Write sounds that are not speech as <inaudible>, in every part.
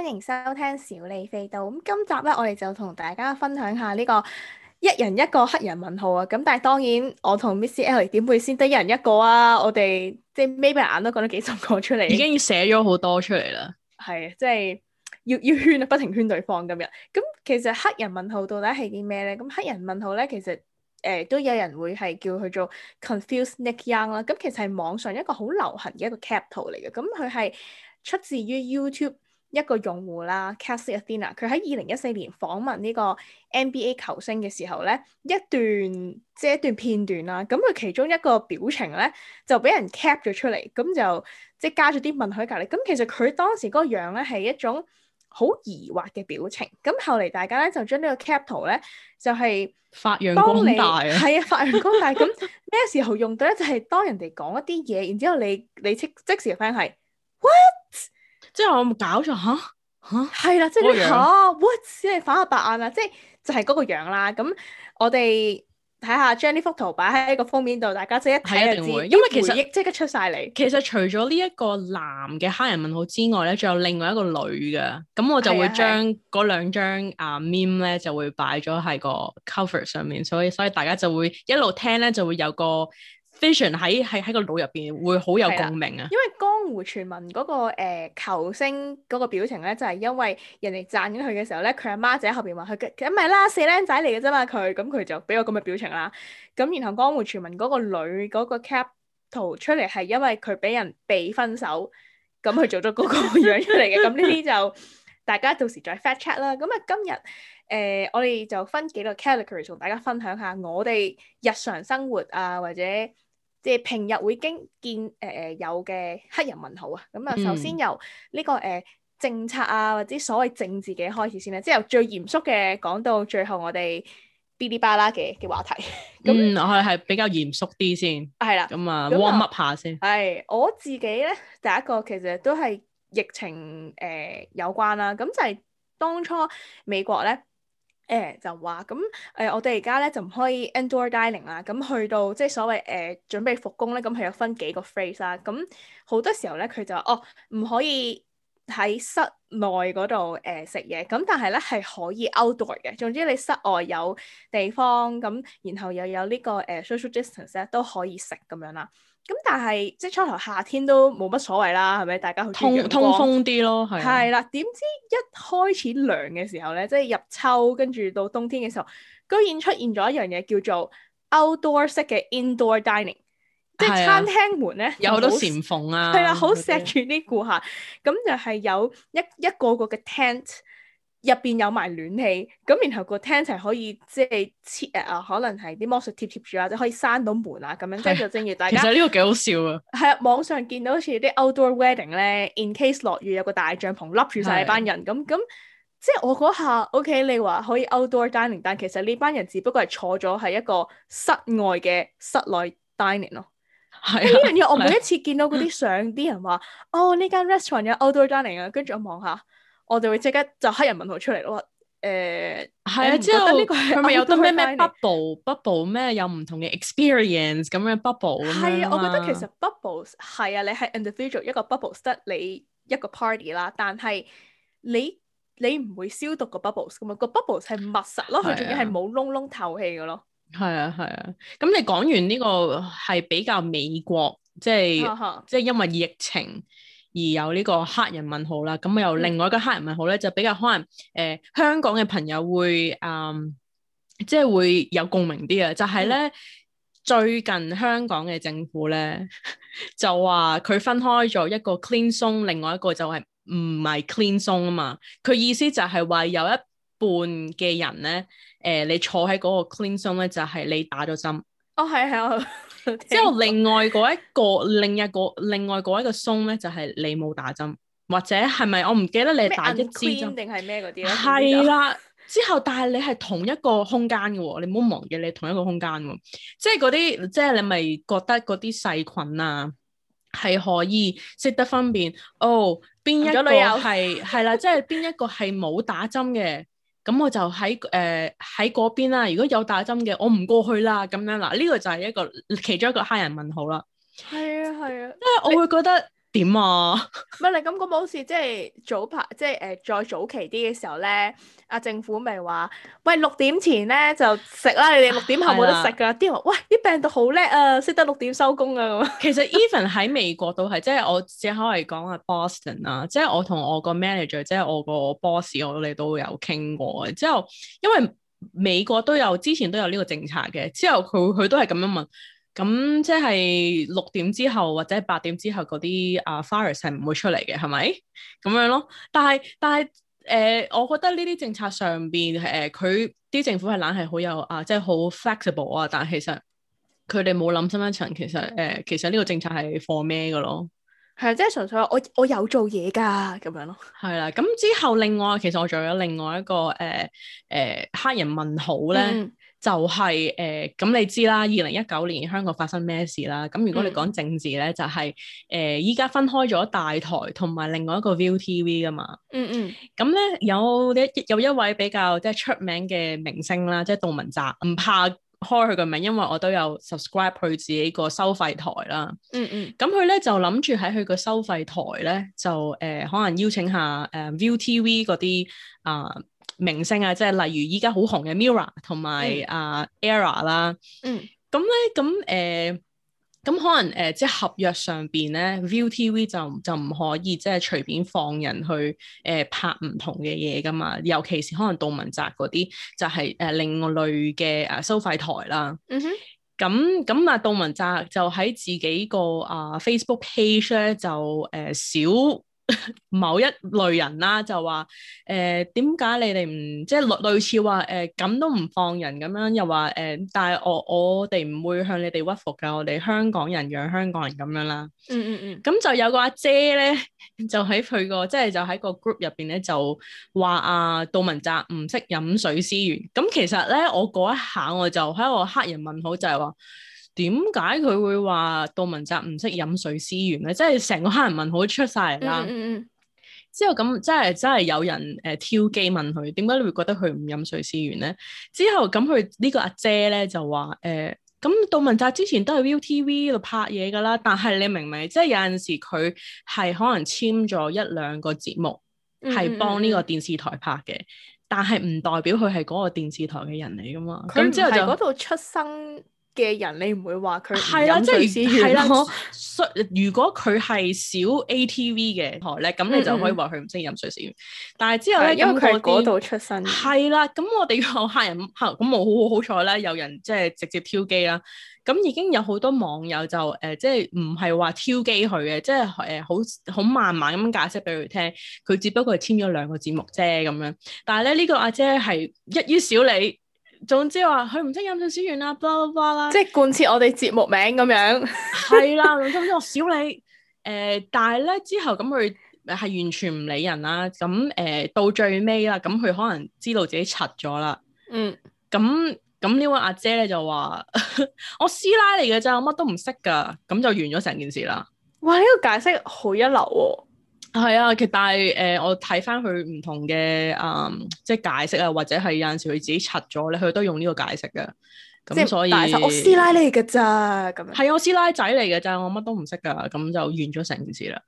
歡迎收聽小李飛刀。咁今集咧，我哋就同大家分享下呢個一人一個黑人問號啊。咁但係當然，我同 Missy L 點會先得一人一個啊？我哋即係瞇埋眼都講咗幾十個出嚟，已經寫咗好多出嚟啦。係啊，即係要要圈啊，不停圈對方咁樣。咁其實黑人問號到底係啲咩咧？咁黑人問號咧，其實誒、呃、都有人會係叫佢做 confuse Nick Young 啦。咁其實係網上一個好流行嘅一個 cap 圖嚟嘅。咁佢係出自於 YouTube。一個用戶啦，Cassidy Athena，佢喺二零一四年訪問呢個 NBA 球星嘅時候咧，一段即係、就是、一段片段啦。咁佢其中一個表情咧，就俾人 cap 咗出嚟，咁就即係加咗啲問喺隔籬。咁其實佢當時嗰個樣咧，係一種好疑惑嘅表情。咁後嚟大家咧就將呢個 cap 圖咧就係、是、發揚光大啊！係 <laughs> 啊，發揚光大。咁咩時候用到咧？就係、是、當人哋講一啲嘢，然之後你你即即時反應係 what？即係我唔搞咗吓吓係啦，即係吓、oh, what 即係反下白眼啦，即係就係嗰個樣啦。咁我哋睇下將呢幅圖擺喺呢個封面度，大家即係一睇就知，定會因為其實回憶即刻出晒嚟。其實除咗呢一個男嘅黑人問號之外咧，仲有另外一個女嘅。咁我就會將嗰兩張啊 meme 咧就會擺咗喺個 cover 上面，所以所以大家就會一路聽咧就會有個。fashion 喺喺喺個腦入邊會好有共鳴啊！因為江湖傳聞嗰、那個、呃、球星嗰個表情咧，就係、是、因為人哋讚咗佢嘅時候咧，佢阿媽仔喺後邊話佢嘅，咁唔係啦，死靚仔嚟嘅啫嘛佢，咁佢就俾我咁嘅表情啦。咁然後江湖傳聞嗰個女嗰個 cap 圖出嚟，係因為佢俾人被分手，咁去做咗嗰個樣出嚟嘅。咁呢啲就大家到時再 fact check 啦。咁啊今日誒、呃、我哋就分幾個 category 同大家分享下我哋日常生活啊或者。即係平日會經見誒誒、呃、有嘅黑人問號啊，咁啊首先由呢、這個誒、呃、政策啊，或者所謂政治嘅開始先啦，之後、嗯、最嚴肅嘅講到最後，我哋 bilibala 嘅嘅話題，咁、嗯、我係係比較嚴肅啲先，係啦，咁啊 warm up 下先，係我自己咧，第一個其實都係疫情誒、呃、有關啦，咁就係當初美國咧。誒、欸、就話咁誒，我哋而家咧就唔可以 indoor dining 啦。咁去到即係所謂誒、呃、準備復工咧，咁佢有分幾個 phase 啦。咁好多時候咧，佢就話哦，唔可以喺室內嗰度誒食嘢。咁、呃、但係咧係可以 outdoor 嘅。總之你室外有地方咁，然後又有呢、這個誒、呃、social distance 咧都可以食咁樣啦。咁但係即係初頭夏天都冇乜所謂啦，係咪通？大家去通通風啲咯，係。係啦，點知一開始涼嘅時候咧，即係入秋跟住到冬天嘅時候，居然出現咗一樣嘢叫做 outdoor 式嘅 indoor dining，的即係餐廳門咧有好多都縫啊，係啊很，好錫住啲顧客，咁就係有一一個個嘅 tent。入邊有埋暖氣，咁然後個 tent 就可以即係設誒啊，可能係啲魔術貼貼住或者可以閂到門啊咁樣。即係就正如大家其實呢個幾好笑啊！係啊，網上見到好似啲 outdoor wedding 咧，in case 落雨有個大帳篷笠住曬班人咁咁。即係我嗰下 OK，你話可以 outdoor dining，但其實呢班人只不過係坐咗喺一個室外嘅室內 dining 咯。係呢樣嘢我每一次見到嗰啲相，啲人話哦，呢間 restaurant 有 outdoor dining 啊，跟住我望下。我哋會即刻就黑人問號出嚟咯，誒係啊，的嗯、之後佢咪有得咩咩 bubble，bubble 咩有唔同嘅 experience 咁樣 bubble 啦。係啊，我覺得其實 bubble 係啊，你係 individual 一個 bubble 得你一個 party 啦，但係你你唔會消毒個 bubble 咁啊，個 bubble 係密實咯，佢仲要係冇窿窿透氣㗎咯。係啊係啊，咁你講完呢個係比較美國，即係 <laughs> 即係因為疫情。而有呢個黑人問號啦，咁又另外一個黑人問號咧，嗯、就比較可能誒、呃、香港嘅朋友會誒，即、呃、係、就是、會有共鳴啲啊，就係、是、咧、嗯、最近香港嘅政府咧 <laughs> 就話佢分開咗一個 clean zone，另外一個就係唔係 clean zone 啊嘛，佢意思就係話有一半嘅人咧，誒、呃、你坐喺嗰個 clean zone 咧，就係、是、你打咗針。哦，係係啊。之後另外嗰一， <laughs> 一個，另一個另外嗰一個鬆咧，就係、是、你冇打針，或者係咪我唔記得你打一支定係咩嗰啲咧？係啦，的 <laughs> 之後但係你係同一個空間嘅喎，你唔好忘記你同一個空間，即係嗰啲，即係你咪覺得嗰啲細菌啊，係可以識得分辨，哦，邊一個係係啦，即係邊一個係冇打針嘅。咁我就喺誒喺嗰邊啦。如果有打針嘅，我唔過去啦。咁樣啦，呢個就係一個其中一個黑人問號啦。係啊，係啊。因為我會覺得。欸點啊？唔係你咁講冇事，即係早排，即係誒、呃、再早期啲嘅時候咧，阿政府咪話喂，六點前咧就食啦，你哋六點後冇得食噶。啲人話喂，啲病毒好叻啊，識得六點收工啊咁。其實 Even 喺美國都係， <laughs> 即係我只可以講啊 Boston 啊，即係我同我個 manager，即係我個 boss，我哋都有傾過。之後因為美國都有之前都有呢個政策嘅，之後佢佢都係咁樣問。咁即係六點之後或者八點之後嗰啲 <noise> 啊，fire 是係唔會出嚟嘅，係咪咁樣咯？但係但係誒、呃，我覺得呢啲政策上邊誒，佢、呃、啲政府係懶係好有啊、呃，即係好 flexible 啊，但係其實佢哋冇諗深一層，其實誒，其實呢個政策係 for 咩嘅咯？係啊，即係純粹話我我有做嘢噶咁樣咯。係啦，咁之後另外其實我仲有另外一個誒誒、呃呃、黑人問號咧。嗯就係、是、誒，咁、呃、你知啦，二零一九年香港發生咩事啦？咁如果你講政治咧，嗯、就係誒依家分開咗大台同埋另外一個 ViuTV 噶嘛。嗯嗯。咁咧有啲有一位比較即係出名嘅明星啦，即係杜汶澤，唔怕開佢個名，因為我都有 subscribe 佢自己個收費台啦。嗯嗯。咁佢咧就諗住喺佢個收費台咧就誒、呃、可能邀請下誒、呃、ViuTV 嗰啲啊。呃明星啊，即係例如依家好紅嘅 Mirror 同埋啊 Era 啦，嗯，咁咧咁誒，咁、啊嗯呃、可能誒、呃、即係合約上邊咧，ViuTV 就就唔可以即係隨便放人去誒、呃、拍唔同嘅嘢噶嘛，尤其是可能杜汶澤嗰啲就係、是、誒、呃、另類嘅誒收費台啦，嗯哼，咁咁啊杜汶澤就喺自己個啊、呃、Facebook page 咧就誒少。呃某一類人啦，就話誒，點、呃、解你哋唔即係類類似話誒咁都唔放人咁樣，又話誒、呃，但係我我哋唔會向你哋屈服噶，我哋香港人養香港人咁樣啦。嗯嗯嗯。咁就有個阿姐咧，就喺佢個即係就喺、是、個 group 入邊咧，就話阿、啊、杜汶澤唔識飲水思源。咁其實咧，我嗰一下我就喺度黑人問號就係話。點解佢會話杜汶澤唔識飲水思源咧？即係成個黑人問號都出晒嚟啦。之後咁即係，真係有人誒挑機問佢，點解你會覺得佢唔飲水思源咧？之後咁佢呢個阿姐咧就話誒，咁杜汶澤之前都係 Viu TV 度拍嘢噶啦，但係你明唔明？即係有陣時佢係可能簽咗一兩個節目係幫呢個電視台拍嘅，嗯嗯嗯，但係唔代表佢係嗰個電視台嘅人嚟噶嘛。佢唔係嗰度出生。嘅人，你唔會話佢飲水思源。係啦、啊，即係、啊、如果如果佢係少 ATV 嘅台咧，咁、嗯、你就可以話佢唔識飲水思源、嗯、但係之後咧，因為佢喺嗰度出身，係啦，咁、啊、我哋客客人嚇咁好好彩咧，有人即係直接挑機啦。咁已經有好多網友就誒，即係唔係話挑機佢嘅，即係誒好好慢慢咁解釋俾佢聽。佢只不過係簽咗兩個節目啫咁樣。但係咧，呢、呢個阿姐係一於少理。總之話佢唔識飲水思源啦，b 啦，blah blah blah 即係貫徹我哋節目名咁樣。係 <laughs> 啦，總之我少理，誒、呃，但係咧之後咁佢係完全唔理人啦。咁誒、呃、到最尾啦，咁佢可能知道自己柒咗啦。嗯，咁咁呢位阿姐咧就話 <laughs> 我師奶嚟嘅咋，我乜都唔識噶，咁就完咗成件事啦。哇，呢、這個解釋好一流喎、哦！係啊，其實但係誒、呃，我睇翻佢唔同嘅，誒、嗯，即係解釋啊，或者係有陣時佢自己拆咗咧，佢都用呢個解釋嘅。咁所以，嗯、我師奶嚟噶咋咁樣，係我師奶仔嚟噶咋，我乜都唔識噶，咁就完咗成件事啦。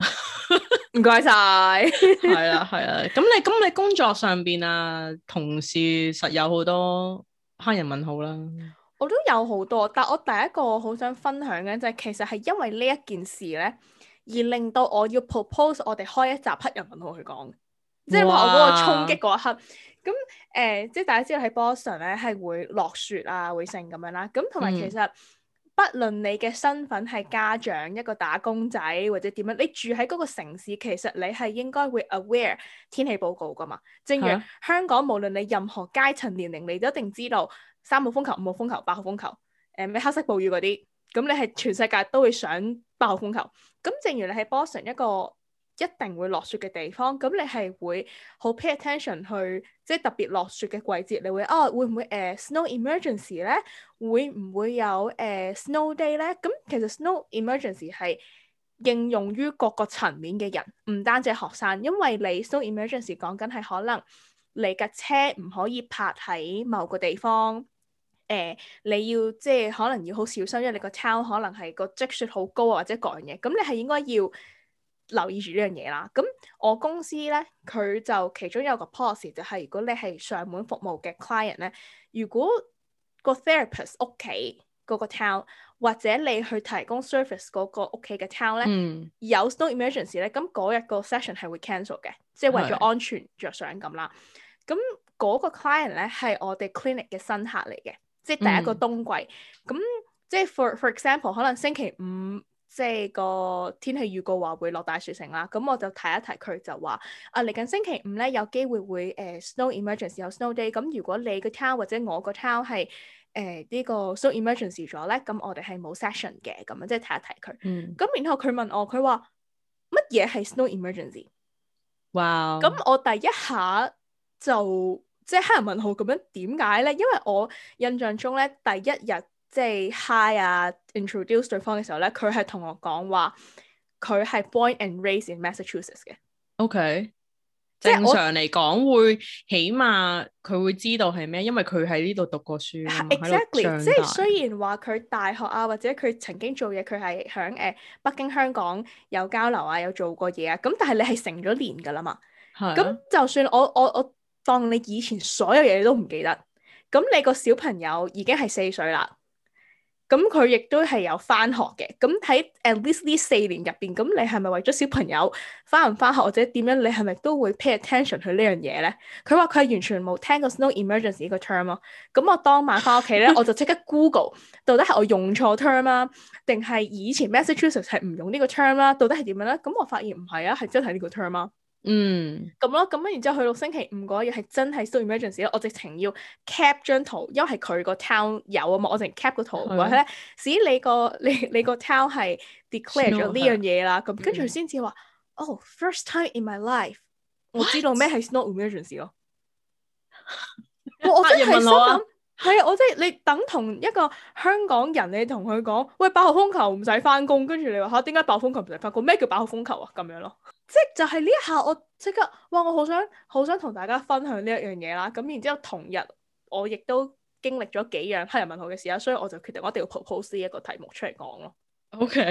唔該晒。係啊係啊，咁你咁你工作上邊啊，同事實有好多客人問號啦。我都有好多，但我第一個好想分享嘅就係、是，其實係因為呢一件事咧。而令到我要 propose 我哋開一集黑人問號去講，哇即係話我嗰個衝擊嗰一刻。咁誒、呃，即係大家知道喺波 o s t 咧係會落雪啊，會成咁樣啦。咁同埋其實、嗯、不論你嘅身份係家長一個打工仔或者點樣，你住喺嗰個城市，其實你係應該會 aware 天氣報告噶嘛。正如香港，啊、無論你任何階層年齡，你都一定知道三號風球、五號風球、八號風球，誒、呃、咩黑色暴雨嗰啲。咁你係全世界都會想八號風球。咁，正如你喺 Boston 一個一定會落雪嘅地方，咁你係會好 pay attention 去即係、就是、特別落雪嘅季節，你會哦會唔會誒、呃、snow emergency 咧？會唔會有誒、呃、snow day 咧？咁其實 snow emergency 係應用於各個層面嘅人，唔單止係學生，因為你 snow emergency 講緊係可能你架車唔可以泊喺某個地方。誒、呃，你要即係可能要好小心，因為你個 town 可能係個積雪好高啊，或者各樣嘢，咁你係應該要留意住呢樣嘢啦。咁我公司咧，佢就其中有一個 policy，就係、是、如果你係上門服務嘅 client 咧，如果個 therapist 屋企嗰個 town 或者你去提供 service 嗰個屋企嘅 town 咧有 snow emergency 咧，咁嗰日個 session 係會 cancel 嘅，即係為咗安全着想咁啦。咁嗰的個 client 咧係我哋 clinic 嘅新客嚟嘅。即係第一個冬季，咁、嗯、即係 for for example，可能星期五即係個天氣預告話會落大雪城啦。咁我就提一提佢就話，啊嚟緊星期五咧有機會會誒、呃、snow emergency 有 snow day。咁如果你個 town 或者我個 town、呃這個 town 係誒呢個 snow emergency 咗咧，咁我哋係冇 session 嘅。咁樣即係提一提佢。嗯。咁然後佢問我，佢話乜嘢係 snow emergency？哇 Wow！咁我第一下就～即係黑人問號咁樣，點解咧？因為我印象中咧，第一日即係 hi 啊，introduce 對方嘅時候咧，佢係同我講話，佢係 born and raised in Massachusetts 嘅。O Okay . K，是正常嚟講我會，起碼佢會知道係咩，因為佢喺呢度讀過書。Exactly，即係雖然話佢大學啊，或者佢曾經做嘢，佢係喺誒北京、香港有交流啊，有做過嘢啊，咁但係你係成咗年㗎啦嘛。係、啊。咁就算我我我。我我我我當你以前所有嘢都唔記得，咁你個小朋友已經係四歲啦，咁佢亦都係有翻學嘅。咁喺 at least 呢四年入邊，咁你係咪為咗小朋友翻唔翻學或者點樣，你係咪都會 pay attention 去呢樣嘢咧？佢話佢係完全冇聽過 snow emergency 呢個 term 咯。咁我當晚翻屋企咧， <laughs> 我就即刻 Google，到底係我用錯 term 啦，定係以前 Massachusetts 係唔用呢個 term 啦？到底係點樣咧？咁我發現唔係啊，係真係呢個 term 啊！嗯，咁咯，咁樣，然之後去到星期五嗰日係真係 snow emergency 咯，我直情要 cap 張圖，因為係佢個 town 有啊嘛，我直情 cap 個圖話咧，咦你個你你個 town 係 declare 咗呢樣嘢啦，咁跟住先至話哦 first time in my life，我知道咩係 snow emergency 咯，我真係係啊，我即係你等同一個香港人，你同佢講喂，八號風球唔使翻工，跟住你話吓，點解八號風球唔使翻工？咩叫八號風球啊？咁樣咯。即就係呢一刻，我即刻哇！我好想好想同大家分享呢一樣嘢啦。咁然之後同日，我亦都經歷咗幾樣黑人問號嘅事啊。所以我就決定我一定要 propose 一個題目出嚟講咯。OK，呢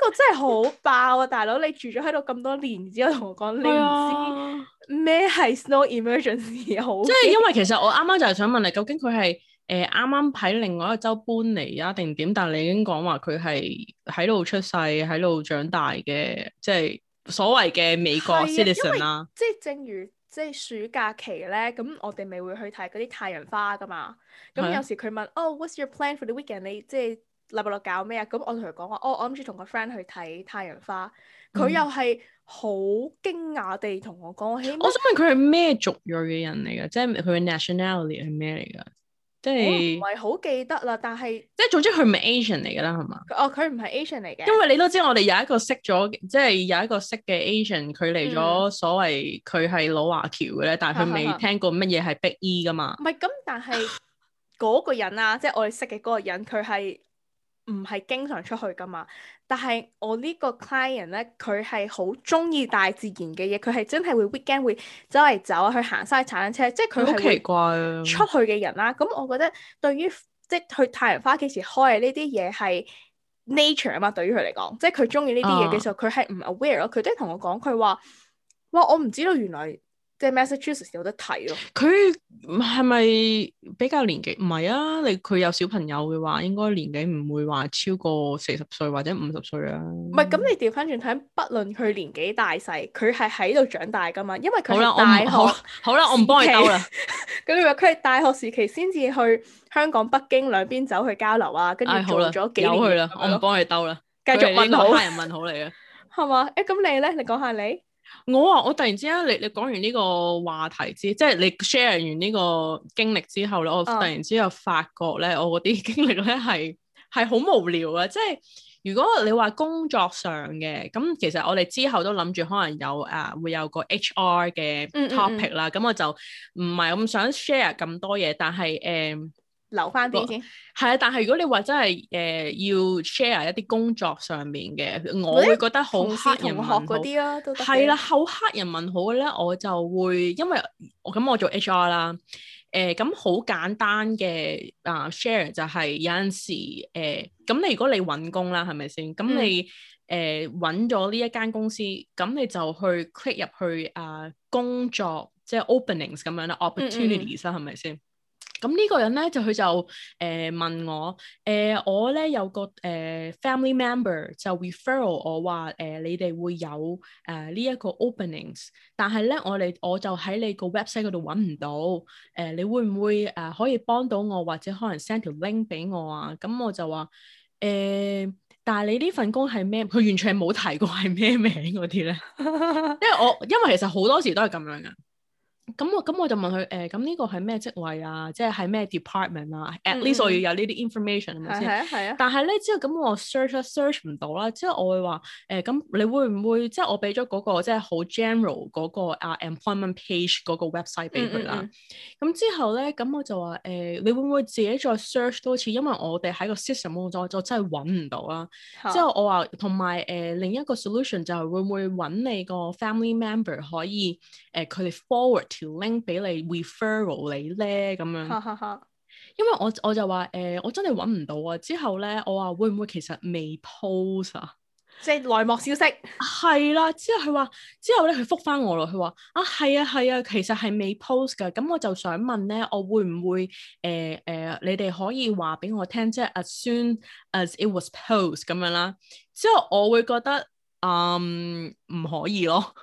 個真係好爆啊！ <laughs> 大佬，你住咗喺度咁多年，之後同我講， <laughs> 你唔知咩係 <laughs> snow emergency 好？即係因為其實我啱啱就係想問你，究竟佢係誒啱啱喺另外一個州搬嚟啊，定點？但係你已經講話佢係喺度出世，喺度長大嘅，即係。所謂嘅美國的 Citizen 啦、啊，即係正如即係暑假期咧，咁我哋咪會去睇嗰啲太陽花㗎嘛。咁有時佢問的哦，What's your plan for the weekend？你即係禮拜六搞咩啊？咁我同佢講話，哦，我諗住同個 friend 去睇太陽花。佢又係好驚訝地同我講，我希我想問佢係咩族裔嘅人嚟㗎？ <noise> 即係佢嘅 nationality 係咩嚟㗎？我唔係好記得啦，但係即係總之佢唔係 Asian 嚟噶啦，係嘛？哦，佢唔係 Asian 嚟嘅。因為你都知我哋有一個識咗，即係有一個識嘅 Asian，佢嚟咗所謂佢係老華僑嘅咧，但係佢未聽過乜嘢係逼衣噶嘛。唔係咁，但係嗰個人啊，即係我哋識嘅嗰個人，佢係。唔係經常出去噶嘛，但係我呢個 client 咧，佢係好中意大自然嘅嘢，佢係真係會 weekend 會走嚟走去行山踩單車，即係佢好奇怪出去嘅人啦。咁我覺得對於即係去太陽花幾時開呢啲嘢係 nature 啊嘛，對於佢嚟講，即係佢中意呢啲嘢嘅時候，佢係唔 aware 咯。佢都同我講，佢話哇，我唔知道原來。即係 Massachusetts 有得睇咯，啊，佢係咪比較年紀？唔係啊，你佢有小朋友嘅話，應該年紀唔會話超過四十歲或者五十歲啊。唔係，咁你調翻轉睇，不論佢年紀大細，佢係喺度長大噶嘛，因為佢係大學好啦好好。好啦，我唔幫你兜啦。咁佢佢係大學時期先至去香港、北京兩邊走去交流啊，跟住做咗幾年。佢、哎、啦，是是我唔幫你兜啦。繼續問好，係唔問好、 <laughs> 哎、你啊。係嘛？誒，咁你咧？你講下你。我話我突然之間，你你講完呢個話題之，即係你 share 完呢個經歷之後咧，我突然之間發覺咧，oh. 我嗰啲經歷咧係係好無聊啊！即係如果你話工作上嘅，咁其實我哋之後都諗住可能有啊，會有個 HR 嘅 topic 啦、mm。咁、hmm. 我就唔係咁想 share 咁多嘢，但係，誒。Uh, 留翻啲先，係啊！但係如果你話真係，誒、呃、要 share 一啲工作上面嘅，欸、我會覺得好黑人問好嗰啲咯，都係啦，好黑人問好咧，我就會因為我咁我做 HR 啦，誒咁好簡單嘅啊 share 就係有陣時，誒、呃、咁你如果你揾工啦，係咪先？咁你誒揾咗呢一間公司，咁你就去 click 入去啊、呃、工作，即係 openings 咁樣啦，opportunities 啦，係咪先？嗯咁呢個人咧就佢就誒、呃、問我誒、呃、我咧有個誒、呃、family member 就 referral 我話誒、呃、你哋會有誒、呃這個、呢一個 openings，但係咧我哋我就喺你個 website 嗰度揾唔到誒、呃，你會唔會誒、呃、可以幫到我或者可能 send 條 link 俾我啊？咁我就話誒、呃，但係你呢份工係咩？佢完全係冇提過係咩名嗰啲咧， <laughs> 因為我因為其實好多時都係咁樣噶。咁我咁我就問佢誒，咁、呃、呢個係咩職位啊？即係係咩 department 啊、嗯？At least 我要有呢啲 information 係咪先？係啊係啊。但係咧之後咁我 search 啦 search 唔到啦，之後我會話誒咁你會唔會即係我俾咗嗰個即係好 general 嗰、那個啊、uh, employment page 嗰個 website 俾佢、嗯嗯、啦？咁、嗯嗯、之後咧咁我就話誒、呃，你會唔會自己再 search 多次？因為我哋喺個 system 度再就真係揾唔到啦。哦、之後我話同埋誒另一個 solution 就係會唔會揾你個 family member 可以誒佢哋 forward。條 link 俾你 referral 你咧咁樣， <laughs> 因為我我就話誒、呃，我真係搵唔到啊。之後咧，我話會唔會其實未 post 啊？即內幕消息係、啊、啦。之後佢話之後咧，佢覆翻我咯。佢話啊，係啊係啊，啊，其實係未 post 噶。咁我就想問咧，我會唔會誒誒、呃呃？你哋可以話俾我聽，即係 as soon as it was post 咁樣啦。之後我會覺得嗯唔可以咯。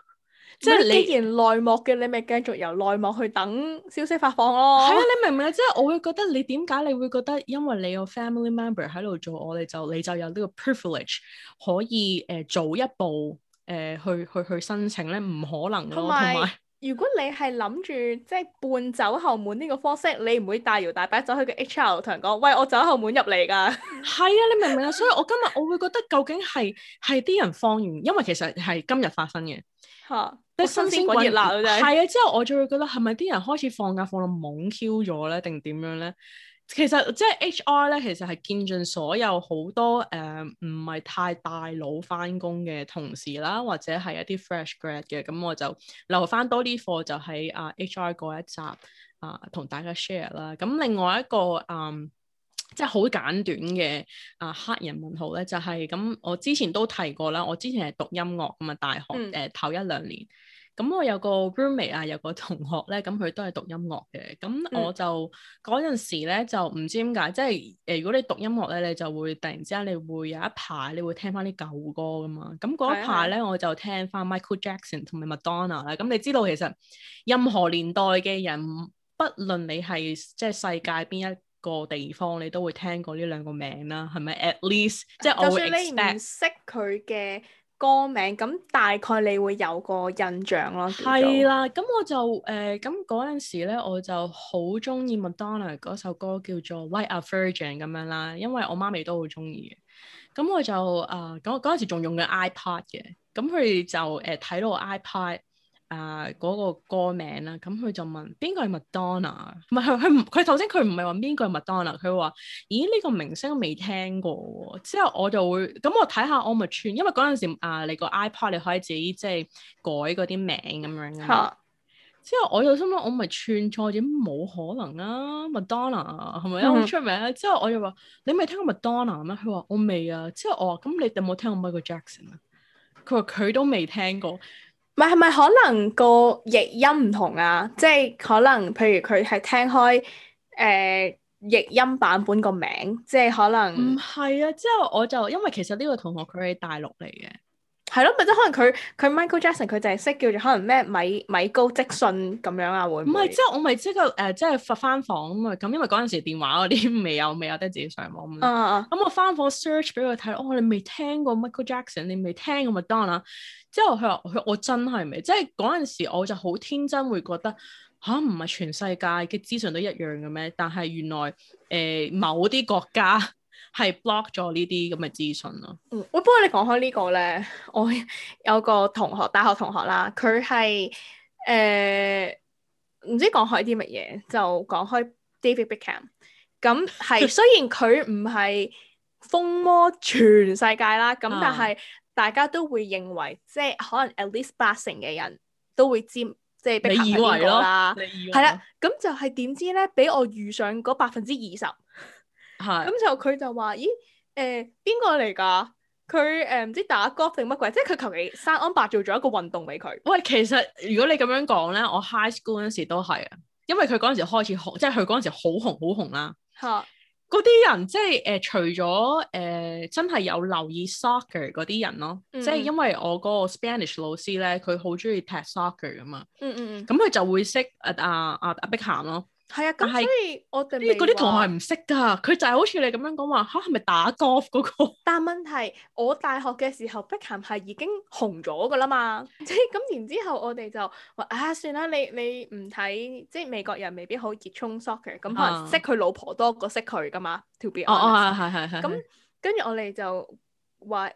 即係你既然內幕嘅，你咪繼續由內幕去等消息發放咯。係啊，你明唔明啊？即係我會覺得你點解你會覺得，因為你有 family member 喺度做我，我哋就你就有呢個 privilege 可以誒早、呃、一步誒、呃、去去去申請咧，唔可能咯，同埋有。如果你係諗住即係半走後門呢個方式，你唔會大搖大擺走去個 HR 同人講：喂，我走後門入嚟㗎。係 <laughs> 啊，你明唔明啊？所以我今日我會覺得究竟係係啲人放完，因為其實係今日發生嘅。即係哈新鮮滾熱辣啊！係啊！之後我就會覺得係咪啲人開始放假放到懵 Q 咗咧，定點樣咧？其實即係、就是、HR 咧，其實係見盡所有好多誒唔係太大佬返工嘅同事啦，或者係一啲 fresh grad 嘅咁，我就留返多啲課就喺啊、呃、HR 嗰一集啊，同、呃、大家 share 啦。咁另外一個嗯、呃，即係好簡短嘅啊、呃、黑人問號咧，就係、是、咁我之前都提過啦。我之前係讀音樂咁啊，大學誒頭、嗯呃、一兩年。咁、嗯、我有個 roommate 啊，有個同學咧，咁佢都係讀音樂嘅，咁我就嗰陣、嗯、時咧就唔知點解，即係誒如果你讀音樂咧，你就會突然之間你會有一排你會聽翻啲舊歌噶嘛，咁嗰一排咧是我就聽翻 Michael Jackson 同埋 Madonna 啦，咁你知道其實任何年代嘅人，不論你係即係世界邊一個地方，你都會聽過呢兩個名啦，係咪？At least，即係我會 expect。就算你唔識佢嘅。歌名咁大概你會有個印象咯，係啦。咁、 <noise> 啊、我就誒咁嗰陣時咧，我就好中意麥當娜嗰首歌叫做《Like a Virgin》咁樣啦，因為我媽咪都好中意嘅。咁我就啊，咁嗰陣時仲用緊 i p a d 嘅，咁佢哋就誒睇到 i p a d 啊，嗰、uh, 個歌名啦，咁佢就問邊個係麥當娜？唔係，佢佢佢頭先佢唔係話邊個係麥當娜，佢話：咦，呢、呢個明星未聽過。之後我就會咁，我睇下我咪串，因為嗰陣時啊，你個 iPad 你可以自己即係改嗰啲名咁樣啊。之後我就心諗，我咪串錯咗，冇可能啊！麥當娜係咪啊？因為好出名。啊。」之後我就話：你未聽過麥當娜咩？佢話：我未啊。之後我話：咁你哋有冇聽過 Michael Jackson 啊？佢話：佢都未聽過。唔係，係咪可能個譯音唔同啊？即係可能，譬如佢係聽開誒、呃、譯音版本個名，即係可能唔係啊。之後我就因為其實呢個同學佢係大陸嚟嘅。係咯，咪即 <music> 可能佢佢 Michael Jackson 佢淨係識叫做可能咩米米高積信咁樣啊，會，會。唔係即係我咪即刻，誒、呃、即係返翻房啊嘛咁，因為嗰陣時電話嗰啲未有未有得自己上網咁。啊、uh huh. 嗯、我翻房 search 俾佢睇，哦，你未聽過 Michael Jackson，你未聽過 Madonna，之後佢話佢我真係未，即係嗰陣時我就好天真會覺得吓，唔、啊、係全世界嘅資訊都一樣嘅咩？但係原來誒、呃、某啲國家。係 block 咗呢啲咁嘅資訊咯。嗯，我不過你講開個呢個咧，我有個同學，大學同學啦，佢係誒唔知講開啲乜嘢，就講開 David Beckham。咁係雖然佢唔係風魔全世界啦，咁但係大家都會認為，啊、即係可能 at least 八成嘅人都會知，即係你以為咯，係啦。咁就係、是、點知咧，俾我遇上嗰百分之二十。係，咁就佢就話，咦，誒，邊個嚟噶？佢誒唔知打 golf 定乜鬼，即係佢求其生安白做咗一個運動俾佢。喂，其實如果你咁樣講咧，我 high school 時都係啊，因為佢嗰陣時開始紅，即係佢嗰陣時好紅好紅啦。吓，嗰啲人即係誒，除咗誒，真係有留意 soccer 嗰啲人咯，即係因為我嗰個 Spanish 老師咧，佢好中意踢 soccer 嘅嘛，咁佢就會識誒阿阿阿碧咸咯。係啊，咁 <music> 所以我哋，即嗰啲同學係唔識噶，佢就係好似你咁樣講話嚇，係咪打 golf 嗰個？但問題，我大學嘅時候，碧咸係已經紅咗噶啦嘛，即係咁然之後我，我哋就話啊，算啦，你你唔睇，即係美國人未必好熱衷 soccer，咁可能識佢老婆多過識佢噶嘛 <music> ，to be honest 哦，係係係。咁跟住我哋就。話誒、呃，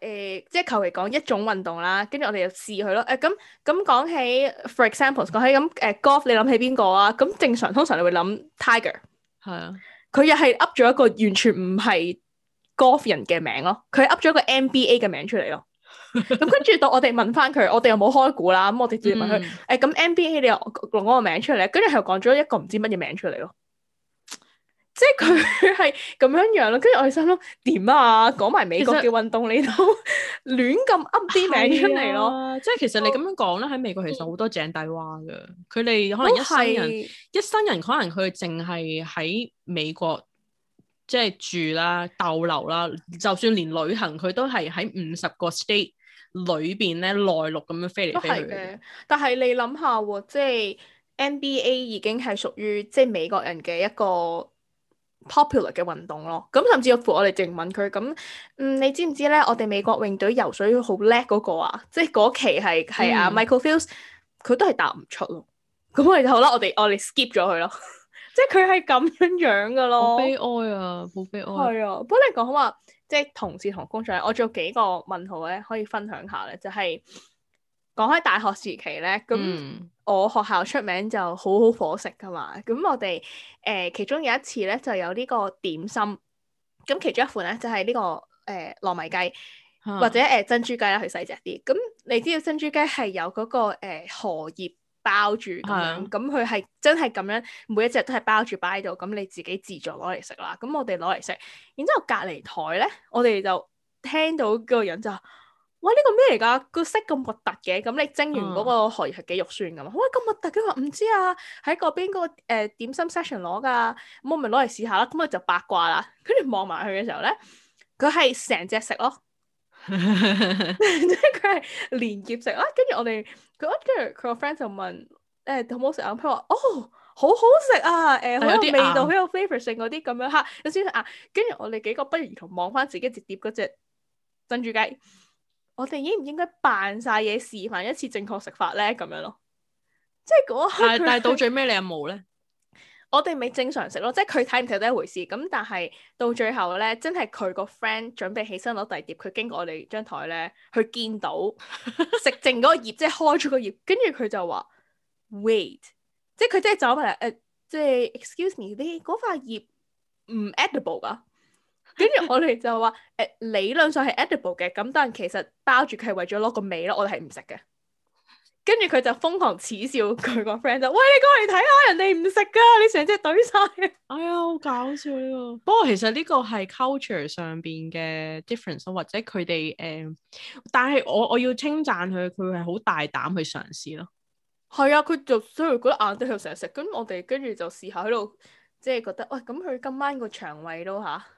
即係求其講一種運動啦，跟住我哋就試佢咯。誒、欸，咁咁講起，for example，講起咁誒、呃、，golf，你諗起邊個啊？咁正常通常你會諗 Tiger。係啊嘿。佢又係噏咗一個完全唔係 golf 人嘅名咯，佢噏咗一個 NBA 嘅名出嚟咯。咁跟住到我哋問翻佢，我哋又冇開估啦，咁 <laughs> 我哋直接問佢，誒、嗯欸，咁 NBA 你又用嗰個名出嚟，跟住係講咗一個唔知乜嘢名出嚟咯。即係佢係咁樣樣咯，跟住我哋心諗點啊？講埋美國嘅運動，實你都亂咁噏啲名出嚟咯。即係其實你咁樣講咧，喺都美國其實好多井底蛙嘅，佢哋、嗯、可能一生人是一生人可能佢淨係喺美國即係住啦、逗留啦，就算連旅行佢都係喺五十個 state 裏邊咧內陸咁樣飛嚟飛去。嘅，但係你諗下喎，即係 NBA 已經係屬於即係美國人嘅一個 popular 嘅運動咯，咁甚至乎我哋仲問佢咁，嗯，你知唔知咧？我哋美國泳隊游水好叻嗰個、嗯、啊，即係嗰期係係啊，Michael Fields 佢都係答唔出咯。咁我哋就好啦，我哋我哋 skip 咗佢啦，即係佢係咁樣樣嘅咯。 <laughs> 好悲哀啊，好悲哀。係啊，我本嚟講話即係同事同工作，我仲有幾個問號咧，可以分享下咧，就係、是。講開大學時期咧，咁我學校出名就好好夥食噶嘛。咁、嗯、我哋誒、呃，其中有一次咧，就有呢個點心。咁其中一款咧，就係、是、呢、這個誒、呃、糯米雞，或者誒、呃、珍珠雞啦，佢細隻啲。咁你知道珍珠雞係有嗰、那個誒、呃、荷葉包住咁樣，咁佢係真係咁樣，每一隻都係包住擺喺度，咁你自己自助攞嚟食啦。咁我哋攞嚟食，然之後隔籬台咧，我哋就聽到嗰個人就。喂，呢個咩嚟噶？個色咁核突嘅，咁你蒸完嗰個荷葉係幾肉酸咁，喂咁核突嘅話，唔知啊，喺嗰邊嗰、那個、呃、點心 session 攞噶、啊，我咪攞嚟試下啦。咁我就八卦啦，跟住望埋佢嘅時候咧，佢係成隻食咯，即係佢係連結食接食、呃、啊。跟住我哋佢跟住佢個 friend 就問，誒，好唔好食啊？佢話，哦好好食啊，誒好味道，有好有 flavour 性嗰啲咁樣吓，有時啊，跟住我哋幾個不如同望翻自己隻碟嗰隻珍珠雞。我哋應唔應該扮晒嘢示範一次正確食法咧？咁樣咯，即係嗰下。但係但係到最尾是你又冇咧。我哋咪正常食咯，即係佢睇唔睇都一回事。咁但係到最後咧，真係佢個 friend 準備起身攞第二碟，佢經過我哋張台咧，佢見到食剩嗰個葉， <laughs> 即係開咗個葉，跟住佢就話 wait，即係佢真係走埋嚟誒，即係、呃就是、excuse me，你嗰塊葉唔 edible 噶？ <laughs> 跟住我哋就話，誒、呃、理論上係 edible 嘅，咁但係其實包住佢係為咗攞個味咯，我哋係唔食嘅。跟住佢就瘋狂恥笑佢個 friend 就，喂，你過嚟睇下，人哋唔食㗎，你成隻懟晒。哎呀，好搞笑啊！不過其實呢個係 culture 上邊嘅 difference，或者佢哋誒，但係我我要稱讚佢，佢係好大膽去嘗試咯。係啊，佢就所以覺得硬啲，佢成日食，咁我哋跟住就試下喺度，即係覺得喂，咁、哎、佢今晚個腸胃都吓。啊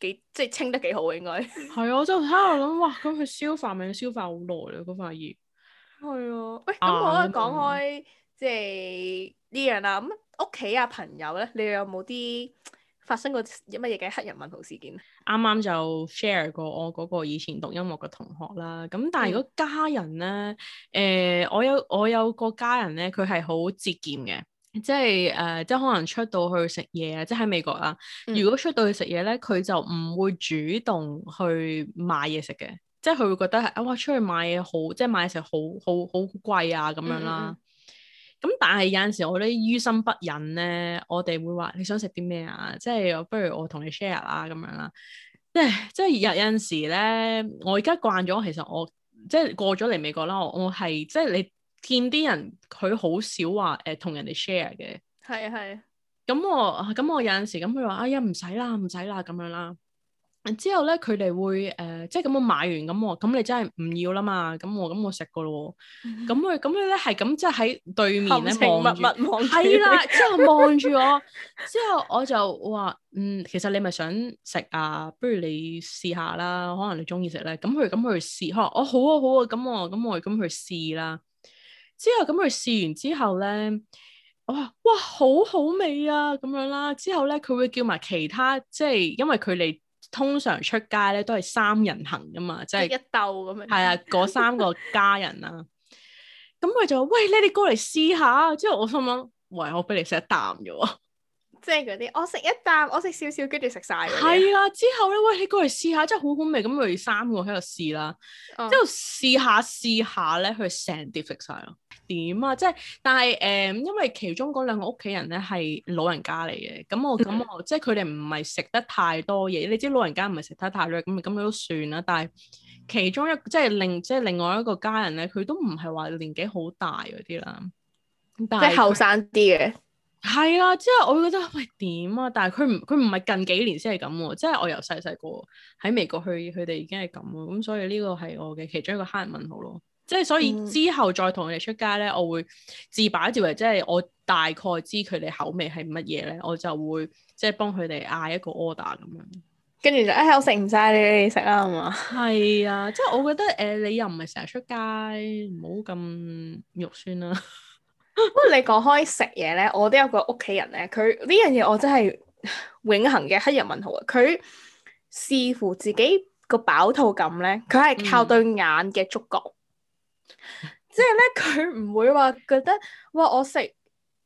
幾即係清得幾好啊，應該係啊，我就喺度諗哇，咁佢消化咪要消化好耐咯，嗰塊熱係啊，喂，咁、嗯、我都講開即係呢樣啦，咁屋企啊朋友咧，你有冇啲發生過乜嘢嘅黑人問號事件？啱啱、嗯、就 share 過我嗰個以前讀音樂嘅同學啦，咁但係如果家人咧，誒、呃，我有我有個家人咧，佢係好節儉嘅。即係誒、呃，即係可能出到去食嘢啊！即喺美國啊，嗯、如果出到去食嘢咧，佢就唔會主動去買嘢食嘅。即係佢會覺得啊，哇，出去買嘢好，即係買嘢食好好好貴啊咁樣啦。咁、嗯、但係有陣時我啲於心不忍咧，我哋會話你想食啲咩啊？即係不如我同你 share 啦咁樣啦。即係即係有陣時咧，我而家慣咗，其實我即係過咗嚟美國啦，我我係即係你，見啲人佢好少話誒同人哋 share 嘅，係啊係啊。咁我咁我有陣時咁佢話：哎呀唔使啦唔使啦咁樣啦。之後咧佢哋會誒即係咁我買完咁我咁你真係唔要啦嘛。咁我咁我食過咯。咁佢咁佢咧係咁即係喺對面咧望住，係啦。之後望住我之後我就話：嗯，其實你咪想食啊？不如你試下啦。可能你中意食咧。咁佢咁去試，哦，好啊好啊。咁我咁我咁去試啦。之後咁佢試完之後咧，我話哇，好好味啊！咁樣啦。之後咧佢會叫埋其他，即係因為佢哋通常出街咧都係三人行噶嘛，即係一竇咁樣。係啊，嗰三個家人啦。咁佢 <laughs> 就話：喂，你哋過嚟試下。之後我心諗，喂，我俾你食一啖啫喎。即係嗰啲我食一啖，我食少少，跟住食晒。係啊。之後咧，喂，你過嚟試下，真係好好味。咁佢哋三個喺度試啦，oh. 之後試下試下咧，佢成碟食晒。咯。點啊！即、就、係、是，但係誒、呃，因為其中嗰兩個屋企人咧係老人家嚟嘅，咁我咁我、嗯、即係佢哋唔係食得太多嘢，你知老人家唔係食得太太多，咁咁樣都算啦。但係其中一即係另即係另外一個家人咧，佢都唔係話年紀好大嗰啲啦，但即係後生啲嘅。係啊，即係我覺得喂點啊！但係佢唔佢唔係近幾年先係咁喎，即係我由細細個喺美國，去，佢哋已經係咁喎，咁所以呢個係我嘅其中一個黑人問號咯。即係，所以之後再同佢哋出街咧，嗯、我會自把自為，即係我大概知佢哋口味係乜嘢咧，我就會即係幫佢哋嗌一個 order 咁、嗯、樣，跟住就哎，我食唔晒你，你食啦。」係嘛？係啊，即係我覺得誒、呃，你又唔係成日出街，唔好咁肉酸啦、啊。不 <laughs> 過你講開食嘢咧，我都有個屋企人咧，佢呢樣嘢我真係永恆嘅黑人問號啊。佢視乎自己個飽肚感咧，佢係靠對眼嘅觸覺。嗯即係咧，佢唔會話覺得哇，我食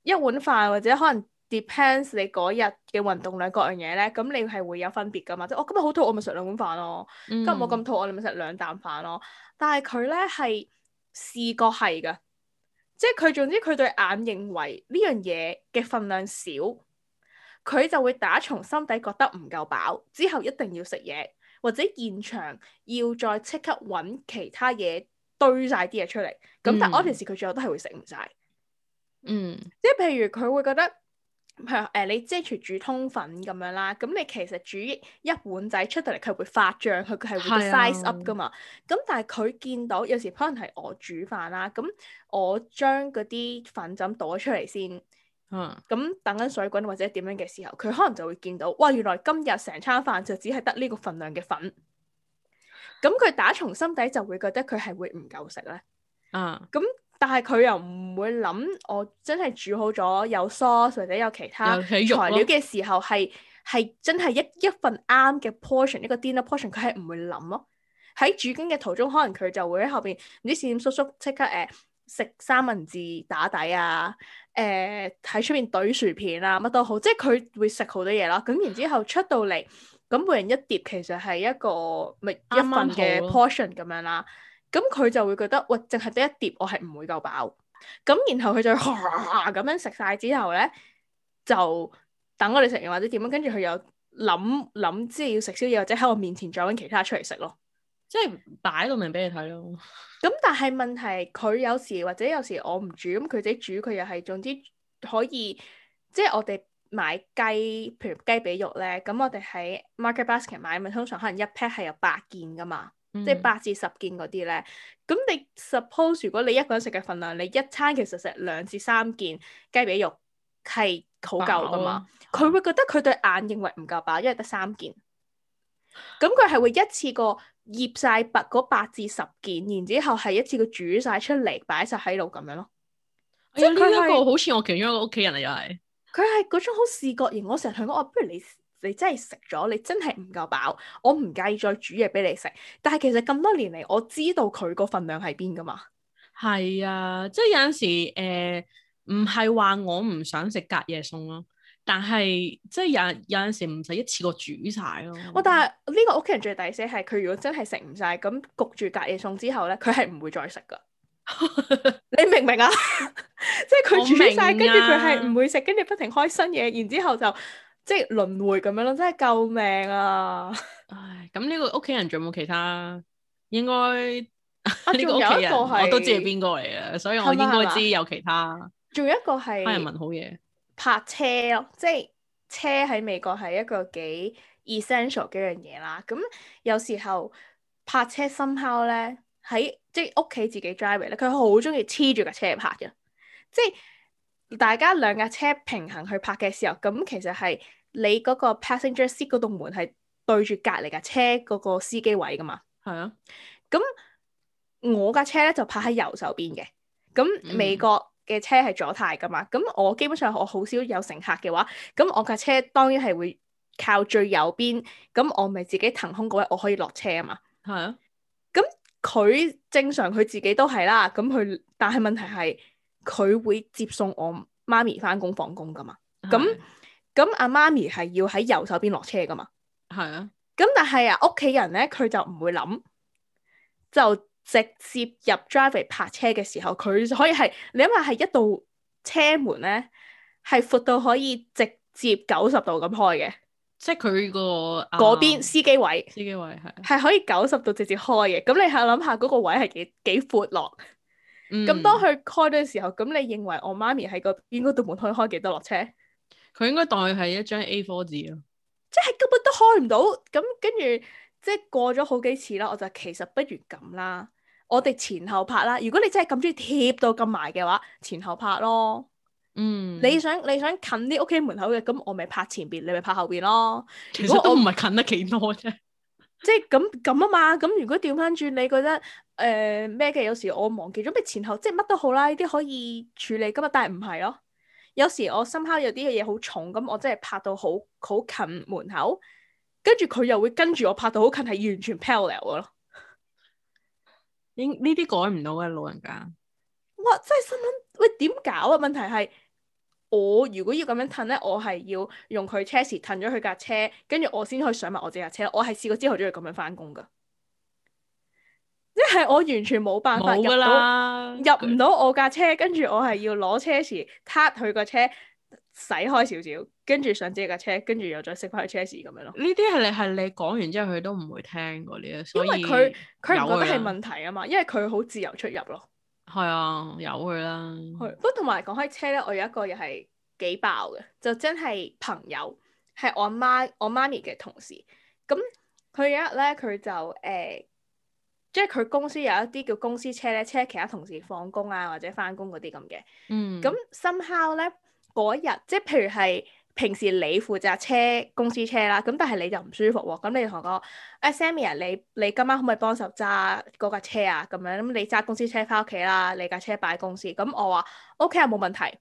一碗飯，或者可能 depends 你嗰日嘅運動量各樣嘢咧。咁你係會有分別噶嘛？即係我今日好肚餓，我咪食兩碗飯咯。嗯、今日冇咁肚餓，我咪食兩啖飯咯。但係佢咧係試過係噶，即係佢總之佢對眼認為呢樣嘢嘅份量少，佢就會打從心底覺得唔夠飽，之後一定要食嘢，或者現場要再即刻搵其他嘢。堆晒啲嘢出嚟，咁、嗯、但係我平時佢最後都係會食唔晒。嗯，即係譬如佢會覺得係啊、呃，你即係煮通粉咁樣啦，咁你其實煮一碗仔出嚟，佢會發脹，佢佢係會 size up 噶嘛。咁、嗯、但係佢見到有時可能係我煮飯啦，咁我將嗰啲粉枕倒出嚟先，嗯，咁等緊水滾或者點樣嘅時候，佢可能就會見到，哇，原來今日成餐飯就只係得呢個份量嘅粉。咁佢打從心底就會覺得佢係會唔夠食咧。啊、uh,！咁但係佢又唔會諗我真係煮好咗有餸或者有其他材料嘅時候係係、啊、真係一一份啱嘅 portion 一個 dinner portion 佢係唔會諗咯。喺煮緊嘅途中可能佢就會喺後邊唔知試點叔叔即刻誒食、呃、三文治打底啊誒喺出邊懟薯片啊乜都好，即係佢會食好多嘢啦。咁然之後出到嚟。 <laughs> 咁每人一碟其實係一個咪一蚊嘅 portion 咁樣啦，咁佢就會覺得喂，淨係得一碟，我係唔會夠飽，咁然後佢就咁樣食晒之後咧，就等我哋食完或者點樣，跟住佢又諗諗，即係要食宵夜或者喺我面前再揾其他出嚟食咯，即係擺到明俾你睇咯。咁 <laughs> 但係問題，佢有時或者有時我唔煮，咁佢自己煮，佢又係總之可以，即係我哋。買雞，譬如雞髀肉咧，咁我哋喺 Market Basket 買咪，通常可能一 pack 係有八件噶嘛，嗯、即係八至十件嗰啲咧。咁你 suppose 如果你一個人食嘅份量，你一餐其實食兩至三件雞髀肉係好夠噶嘛？佢爆會覺得佢對眼認為唔夠飽，因為得三件。咁佢係會一次過醃晒白八至十件，然之後係一次過煮晒出嚟，擺晒喺度咁樣咯。哎、呀即係佢一個好似我其中一個屋企人嚟又係。佢係嗰種好視覺型，我成日同佢講，我不如你你真係食咗，你真係唔夠飽，我唔介意再煮嘢俾你食。但係其實咁多年嚟，我知道佢個份量喺邊噶嘛。係啊，即係有陣時誒，唔係話我唔想食隔夜餸咯，但係即係有有陣時唔使一次過煮晒咯。我、嗯、但係呢個屋企人最抵死係，佢如果真係食唔晒，咁焗住隔夜餸之後咧，佢係唔會再食噶。 <laughs> 你明唔明啊？ <laughs> 即係佢煮晒，跟住佢係唔會食，跟住不停開新嘢，然之後就即係輪回咁樣咯，真係救命啊！ <laughs> 唉，咁、這、呢個屋企人仲有冇其他？應該啊，仲有一個係， <laughs> 我都知係邊個嚟嘅，所以我應該知有其他。仲有一個係，開人問好嘢，泊車咯，即係車喺美國係一個幾 essential 嘅樣嘢啦。咁有時候泊車 somehow 咧。喺即係屋企自己 drive 咧，佢好中意黐住架車拍嘅，即係大家兩架車平行去拍嘅時候，咁其實係你嗰個 passenger seat 嗰棟門係對住隔籬架車嗰個司機位噶嘛？係啊。咁我架車咧就拍喺右手邊嘅，咁美國嘅車係左軚噶嘛？咁、嗯、我基本上我好少有乘客嘅話，咁我架車當然係會靠最右邊，咁我咪自己騰空嗰位，我可以落車啊嘛。係啊。佢正常佢自己都係啦，咁佢，但係問題係佢會接送我媽咪翻工、放工噶嘛？咁咁阿媽咪係要喺右手邊落車噶嘛？係啊的。咁但係啊，屋企人咧佢就唔會諗，就直接入 drive 泊車嘅時候，佢可以係你因為係一道車門咧，係闊到可以直接九十度咁開嘅。即係佢個嗰邊司機位，司機位係係可以九十度直接開嘅。咁你係諗下嗰個位係幾幾闊落？咁、嗯、當佢開嘅時候，咁你認為我媽咪喺個邊嗰度門可以開幾多落車？佢應該當佢係一張 A4 紙咯。即係根本都開唔到。咁跟住即係過咗好幾次啦。我就其實不如咁啦。我哋前後拍啦。如果你真係咁中意貼到咁埋嘅話，前後拍咯。嗯你，你想你想近啲屋企門口嘅，咁我咪拍前邊，你咪拍後邊咯。其實都唔係近得幾多啫， <laughs> 即係咁咁啊嘛。咁如果調翻轉，你覺得誒咩嘅？有時我忘記咗咩前後，即係乜都好啦，呢啲可以處理噶嘛。但係唔係咯，有時我心口有啲嘅嘢好重，咁我真係拍到好好近門口，跟住佢又會跟住我拍到好近，係完全 parallel 咯。應呢啲改唔到嘅老人家，哇！真係心諗喂，點搞啊？問題係。我如果要咁樣褪咧，我係要用佢車匙褪咗佢架車，跟住我先可以上埋我自己架車。我係試過之後先咁樣翻工噶即係我完全冇辦法入到，入唔到我架車，跟住我係要攞車匙撻佢個車，使開少少，跟住上自己架車，跟住又再熄翻佢車匙咁樣咯。呢啲係你係你講完之後佢都唔會聽嗰啲，因為佢佢唔覺得係問題啊嘛，因為佢好自由出入咯。係 <noise> 啊，由佢啦。不過，同埋講開車咧，我有一個又係幾爆嘅，就真係朋友係我阿媽、我媽咪嘅同事。咁佢有一日咧，佢就誒，即係佢公司有一啲叫公司車咧，車其他同事放工啊或者返工嗰啲咁嘅。嗯。咁 somehow 咧，嗰日即係譬如係。平時你負責車公司車啦，咁但係你就唔舒服喎、啊，咁你同我講，哎 Sammy 你你今晚可唔可以幫手揸嗰架車啊？咁樣，咁你揸公司車翻屋企啦，你架車擺喺公司，咁我話 OK 啊，冇、OK，問題，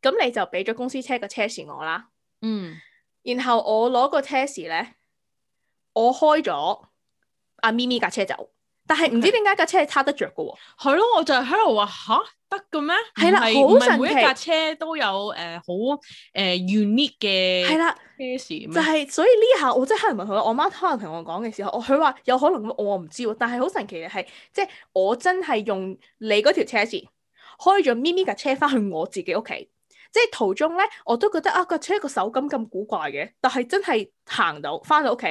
咁你就俾咗公司車個車匙我啦，嗯，然後我攞個車匙咧，我開咗阿、啊、咪咪架車走。但係唔知點解架車係差得着嘅喎？係咯，我就喺度話吓得嘅咩？係啦，好神奇，每一架車都有誒好誒 unique 嘅係啦。車匙就係、是、所以呢下我真係喺度問佢，我媽可能同我講嘅時候，我佢話有可能，我唔知，但係好神奇嘅係，即、就、係、是、我真係用你嗰條車匙開咗咪咪架車翻去我自己屋企。即係途中咧，我都覺得啊，架車個手感咁古怪嘅。但係真係行到翻到屋企，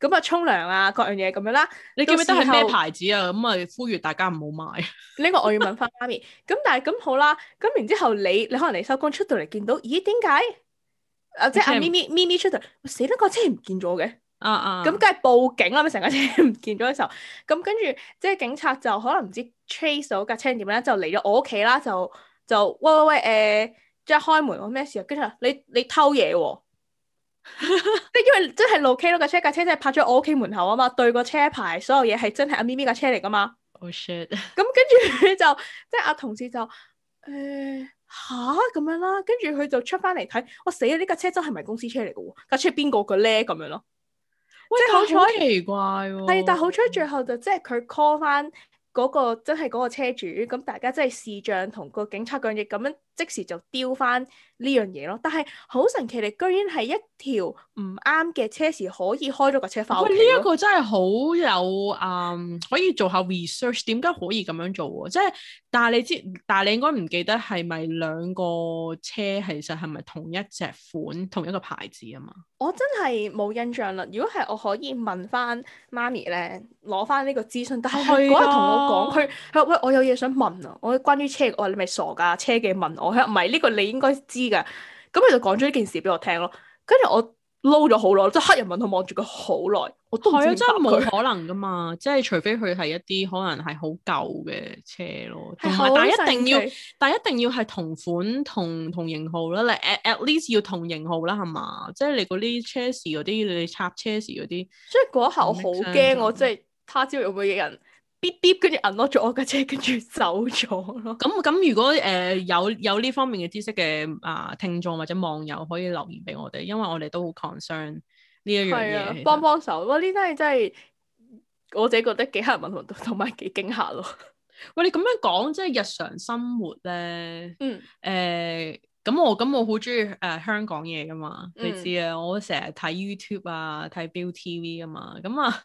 咁啊沖涼啊各樣嘢咁樣啦。你記唔記得係咩牌子啊？咁啊呼籲大家唔好買。呢個我要問翻媽咪。咁 <laughs> 但係咁好啦。咁然後之後你你可能你收工出到嚟見到，咦點解？知啊即係啊咪咪咪咪，咪咪出到，死得、啊啊、架車唔見咗嘅。啊啊！咁梗係報警啦！咪成架車唔見咗嘅時候，咁跟住即係警察就可能唔知 chase 到架車點樣呢，就嚟咗我屋企啦。就就，就，就，就喂喂喂誒！呃呃呃呃即係開門我咩事啊？跟住你你偷嘢喎！即係因為真係路 K 咯，架車架車真係拍咗我屋企門口啊嘛，對個車牌所有嘢係真係阿咪咪架車嚟噶嘛。o、oh、shit！咁跟住佢就即係阿同事就誒吓咁樣啦、啊，跟住佢就出翻嚟睇，我死啊！呢、這、架、個、車真係咪公司車嚟噶？架車係邊個嘅咧？咁樣咯，喂即係是、欸、好彩是奇怪喎、啊。係但係好彩最後就即係佢 call 翻嗰個真係嗰個車主，咁 <laughs> 大家真係視像同個警察講亦咁樣。即時就丟翻呢樣嘢咯，但係好神奇，你居然係一條唔啱嘅車匙可以開咗個車翻屋企喂，呢一個真係好有嗯，可以做下 research，點解可以咁樣做？即係，但係你知，但係你應該唔記得係咪兩個車其實係咪同一隻款同一個牌子啊嘛？我真係冇印象啦。如果係我可以問翻媽咪咧，攞翻呢個資訊，但係嗰日同我講，佢佢話喂，我有嘢想問啊，我關於車嘅，我話你咪傻噶，車嘅問我係唔係呢個，你應該知嘅。咁佢就講咗呢件事俾我聽咯。跟住我撈咗好耐，即係 <laughs> 黑人問佢望住佢好耐，我都唔係啊，真係冇可能㗎嘛！即係除非佢係一啲可能係好舊嘅車咯， <laughs> 但係一， <laughs> 一定要，但係一定要係同款同同型號啦。你 at at least 要同型號啦，係嘛？即係你嗰啲車匙嗰啲，你插車匙嗰啲。即係嗰下我好驚， <laughs> 我即係他朝會唔會有人？啲啲跟住銀落咗我架車，跟住走咗咯。咁咁，如果誒、呃、有有呢方面嘅知識嘅啊、呃、聽眾或者網友可以留言俾我哋，因為我哋都好 concern 呢一樣嘢。係啊，幫幫實手。喂，呢真係真係，我自己覺得幾嚇人同同埋幾驚嚇咯。喂，你咁樣講，即係日常生活咧。嗯。誒、嗯，咁我咁我好鍾意誒香港嘢噶嘛？你知啊，我成日睇 YouTube 啊，睇 Bill TV 啊嘛。咁啊。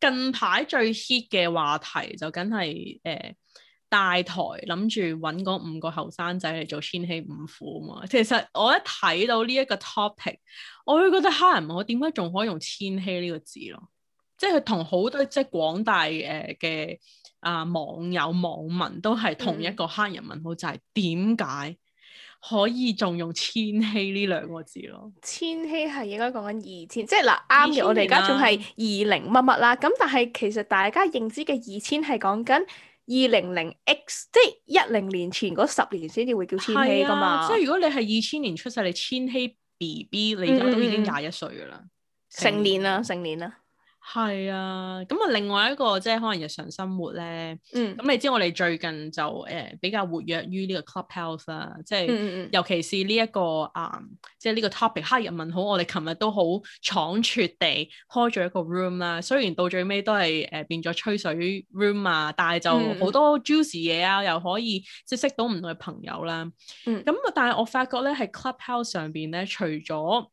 近排最 hit 嘅話題就梗係誒大台諗住揾嗰五個後生仔嚟做千禧五虎啊嘛，其實我一睇到呢一個 topic，我會覺得黑人問號，點解仲可以用千禧呢個字咯？即係同好多即係廣大誒嘅、呃、啊網友網民都係同一個黑人問號，就係點解？嗯可以仲用千禧呢兩個字咯。千禧係應該講緊二千，即係嗱啱嘅。我哋而家仲係二零乜乜啦。咁但係其實大家認知嘅二千係講緊二零零 X，即係一零年前嗰十年先至會叫千禧噶嘛。即係、啊、如果你係二千年出世，你千禧 B B，你就都已經廿一歲噶啦、嗯，成年啦，成年啦。係啊，咁啊另外一個即係可能日常生活咧，咁、嗯、你知我哋最近就誒比較活躍於呢個 Clubhouse 啦，嗯嗯即係尤其是呢、這、一個啊、嗯，即係呢個 topic 黑日問好，我哋琴日都好倉卒地開咗一個 room 啦，雖然到最尾都係誒、呃、變咗吹水 room 啊，但係就好多 juicy 嘢啊，又可以即係識到唔同嘅朋友啦。咁啊、嗯，但係我發覺咧喺 Clubhouse 上邊咧，除咗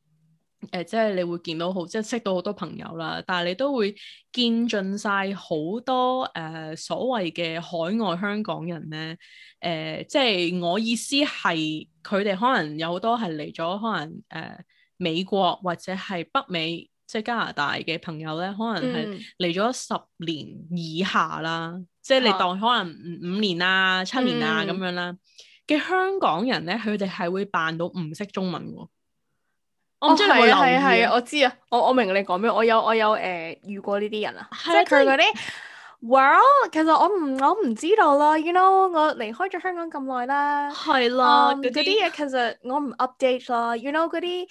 誒、呃，即係你會見到好，即係識到好多朋友啦。但係你都會見盡晒好多誒、呃、所謂嘅海外香港人咧。誒、呃，即係我意思係，佢哋可能有好多係嚟咗可能誒、呃、美國或者係北美，即係加拿大嘅朋友咧，可能係嚟咗十年以下啦。嗯、即係你當可能五年啊、七年啊咁、嗯、樣啦嘅香港人咧，佢哋係會扮到唔識中文㗎。我係啊，係啊，係啊！我知啊，我我明你講咩，我有我有誒、呃、遇過呢啲人啊，即係佢嗰啲，Well，其實我唔我唔知道咯，You know，我離開咗香港咁耐啦，係啦、啊，嗰啲嘢其實我唔 update 啦，You know 嗰啲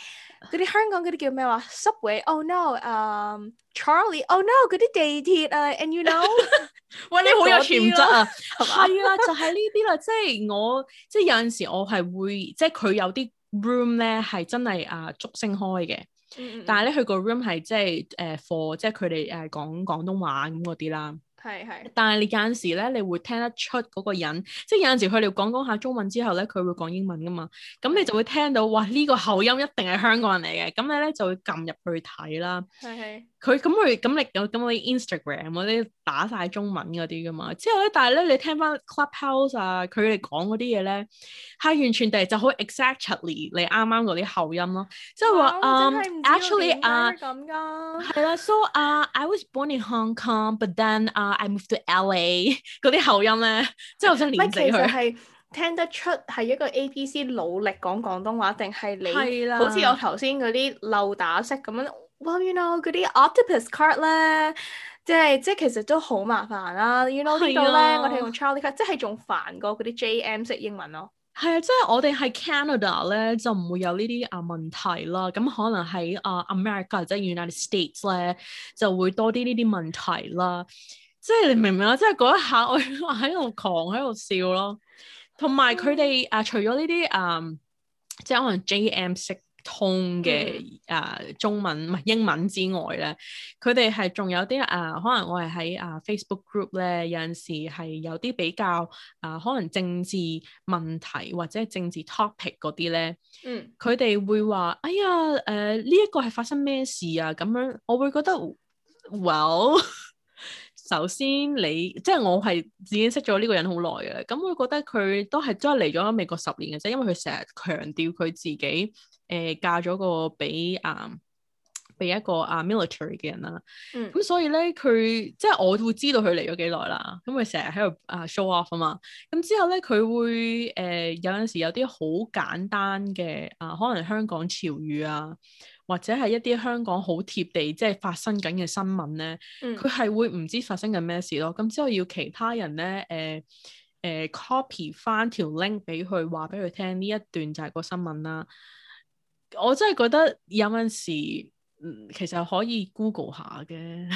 啲香港嗰啲叫咩話？Subway，oh no，誒、um，Charlie，oh no，嗰啲地鐵啊，and you know， <laughs> 喂，你好有潛質啊，係 <laughs> 啊，就係呢啲啦，即係我即係有陣時我係會即係佢有啲。room 咧，係真係啊竹升開嘅，嗯嗯。但係咧佢個 room 係即係誒 for，即係佢哋誒講廣東話咁嗰啲啦。係係是。但係你有陣時咧，你會聽得出嗰個人，即係有陣時佢哋講講下中文之後咧，佢會講英文噶嘛，咁你就會聽到、嗯、哇呢個口音一定係香港人嚟嘅，咁你咧就會撳入去睇啦。係係。佢咁佢咁你有咁你 Instagram 嗰啲打晒中文嗰啲噶嘛？之後咧，但係咧，你聽翻 Clubhouse 啊，佢哋講嗰啲嘢咧，係完全嚟就好 exactly 你啱啱嗰啲口音咯。即係話啊，actually 啊，係啦。 <noise> So 啊，啊，I was born in Hong Kong，but then 啊、uh，I moved to LA。嗰啲口音咧，即係好想連字佢。唔係其實係聽得出係一個 ABC 努力講廣東話，定係你？係啦的。好似我頭先嗰啲漏打式咁樣。Well, you know 嗰啲 octopus card 咧，即係即係其實都好麻煩啦、啊。You know 呢度咧，啊、我哋用 Charlie card，即係仲煩過嗰啲 J.M 識英文咯。係啊，即係我哋係 Canada 咧就唔會有呢啲啊問題啦。咁可能喺啊、呃、America 即係 United States 咧就會多啲呢啲問題啦。即係你明唔明啊？即係嗰一下我喺度狂喺度笑咯 在 benefits。同埋佢哋啊，除咗呢啲啊，即係可能 J.M 識。通嘅啊中文唔係、呃、英文之外咧，佢哋係仲有啲啊、呃，可能我係喺啊、呃、Facebook group 咧，有陣時係有啲比較啊、呃，可能政治問題或者係政治 topic 嗰啲咧。嗯，佢哋會話哎呀，誒呢一個係發生咩事啊？咁樣我會覺得，Well，首先你即係、就是、我係已經識咗呢個人好耐嘅，咁我會覺得佢都係真係嚟咗美國十年嘅啫，因為佢成日強調佢自己。誒嫁咗個俾啊，俾、uh, 一個啊、uh, military 嘅人啦。咁、嗯、所以咧，佢即係我會知道佢嚟咗幾耐啦。咁佢成日喺度啊 show off 啊嘛。咁、嗯、之後咧，佢會誒、呃、有陣時有啲好簡單嘅啊、呃，可能香港潮語啊，或者係一啲香港好貼地即係、就是、發生緊嘅新聞咧，佢係、嗯、會唔知發生緊咩事咯。咁、嗯嗯、之後要其他人咧，誒、呃、誒、呃、copy 翻條 link 俾佢，話俾佢聽呢一段就係個新聞啦。我真係覺得有陣時、嗯，其實可以 Google 下嘅。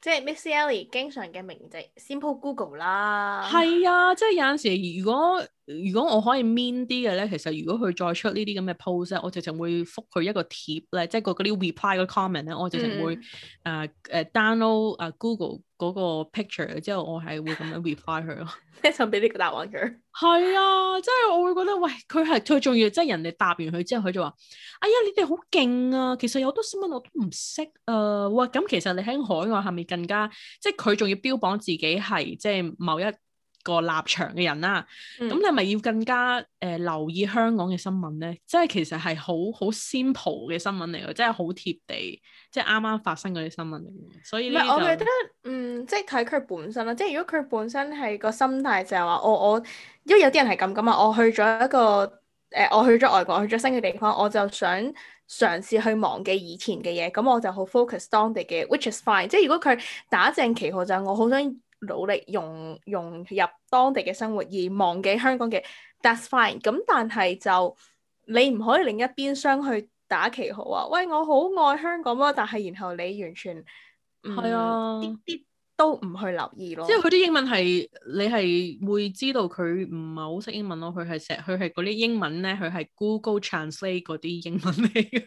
即係 Miss Ellie 經常嘅名字 simple Google 啦。係 <laughs> 啊，即係有陣時，如果如果我可以 mean 啲嘅咧，其實如果佢再出呢啲咁嘅 post 咧，我直情會覆佢一個貼咧，即、就、係、是、個嗰啲 reply 個 comment 咧，我直情會誒誒 download 啊、uh, Google。嗰個 picture 之後我，我係會咁樣 reply 佢咯。即係想俾呢個答案。佢係啊，即係我會覺得，喂，佢係最重要，即係人哋答完佢之後，佢就話：哎呀，你哋好勁啊！其實有好多新聞我都唔識啊！呃、哇，咁其實你喺海外係咪更加，即係佢仲要標榜自己係即係某一個立場嘅人啦、啊，咁、嗯、你咪要更加誒、呃、留意香港嘅新聞咧？即係其實係好好 simple 嘅新聞嚟嘅，即係好貼地，即係啱啱發生嗰啲新聞。所以我覺得嗯，即係睇佢本身啦。即係如果佢本身係個心態就係話，我我因為有啲人係咁噶嘛，我去咗一個誒、呃，我去咗外國，去咗新嘅地方，我就想嘗試去忘記以前嘅嘢，咁我就好 focus 當地嘅，which is fine。即係如果佢打正旗號就係我好想。努力融融入當地嘅生活而忘記香港嘅。That's fine。咁但係就你唔可以另一邊廂去打旗號啊！喂，我好愛香港啊！但係然後你完全係、嗯、啊啲啲都唔去留意咯。即係佢啲英文係你係會知道佢唔係好識英文咯。佢係寫佢係嗰啲英文咧，佢係 Google Translate 嗰啲英文嚟嘅。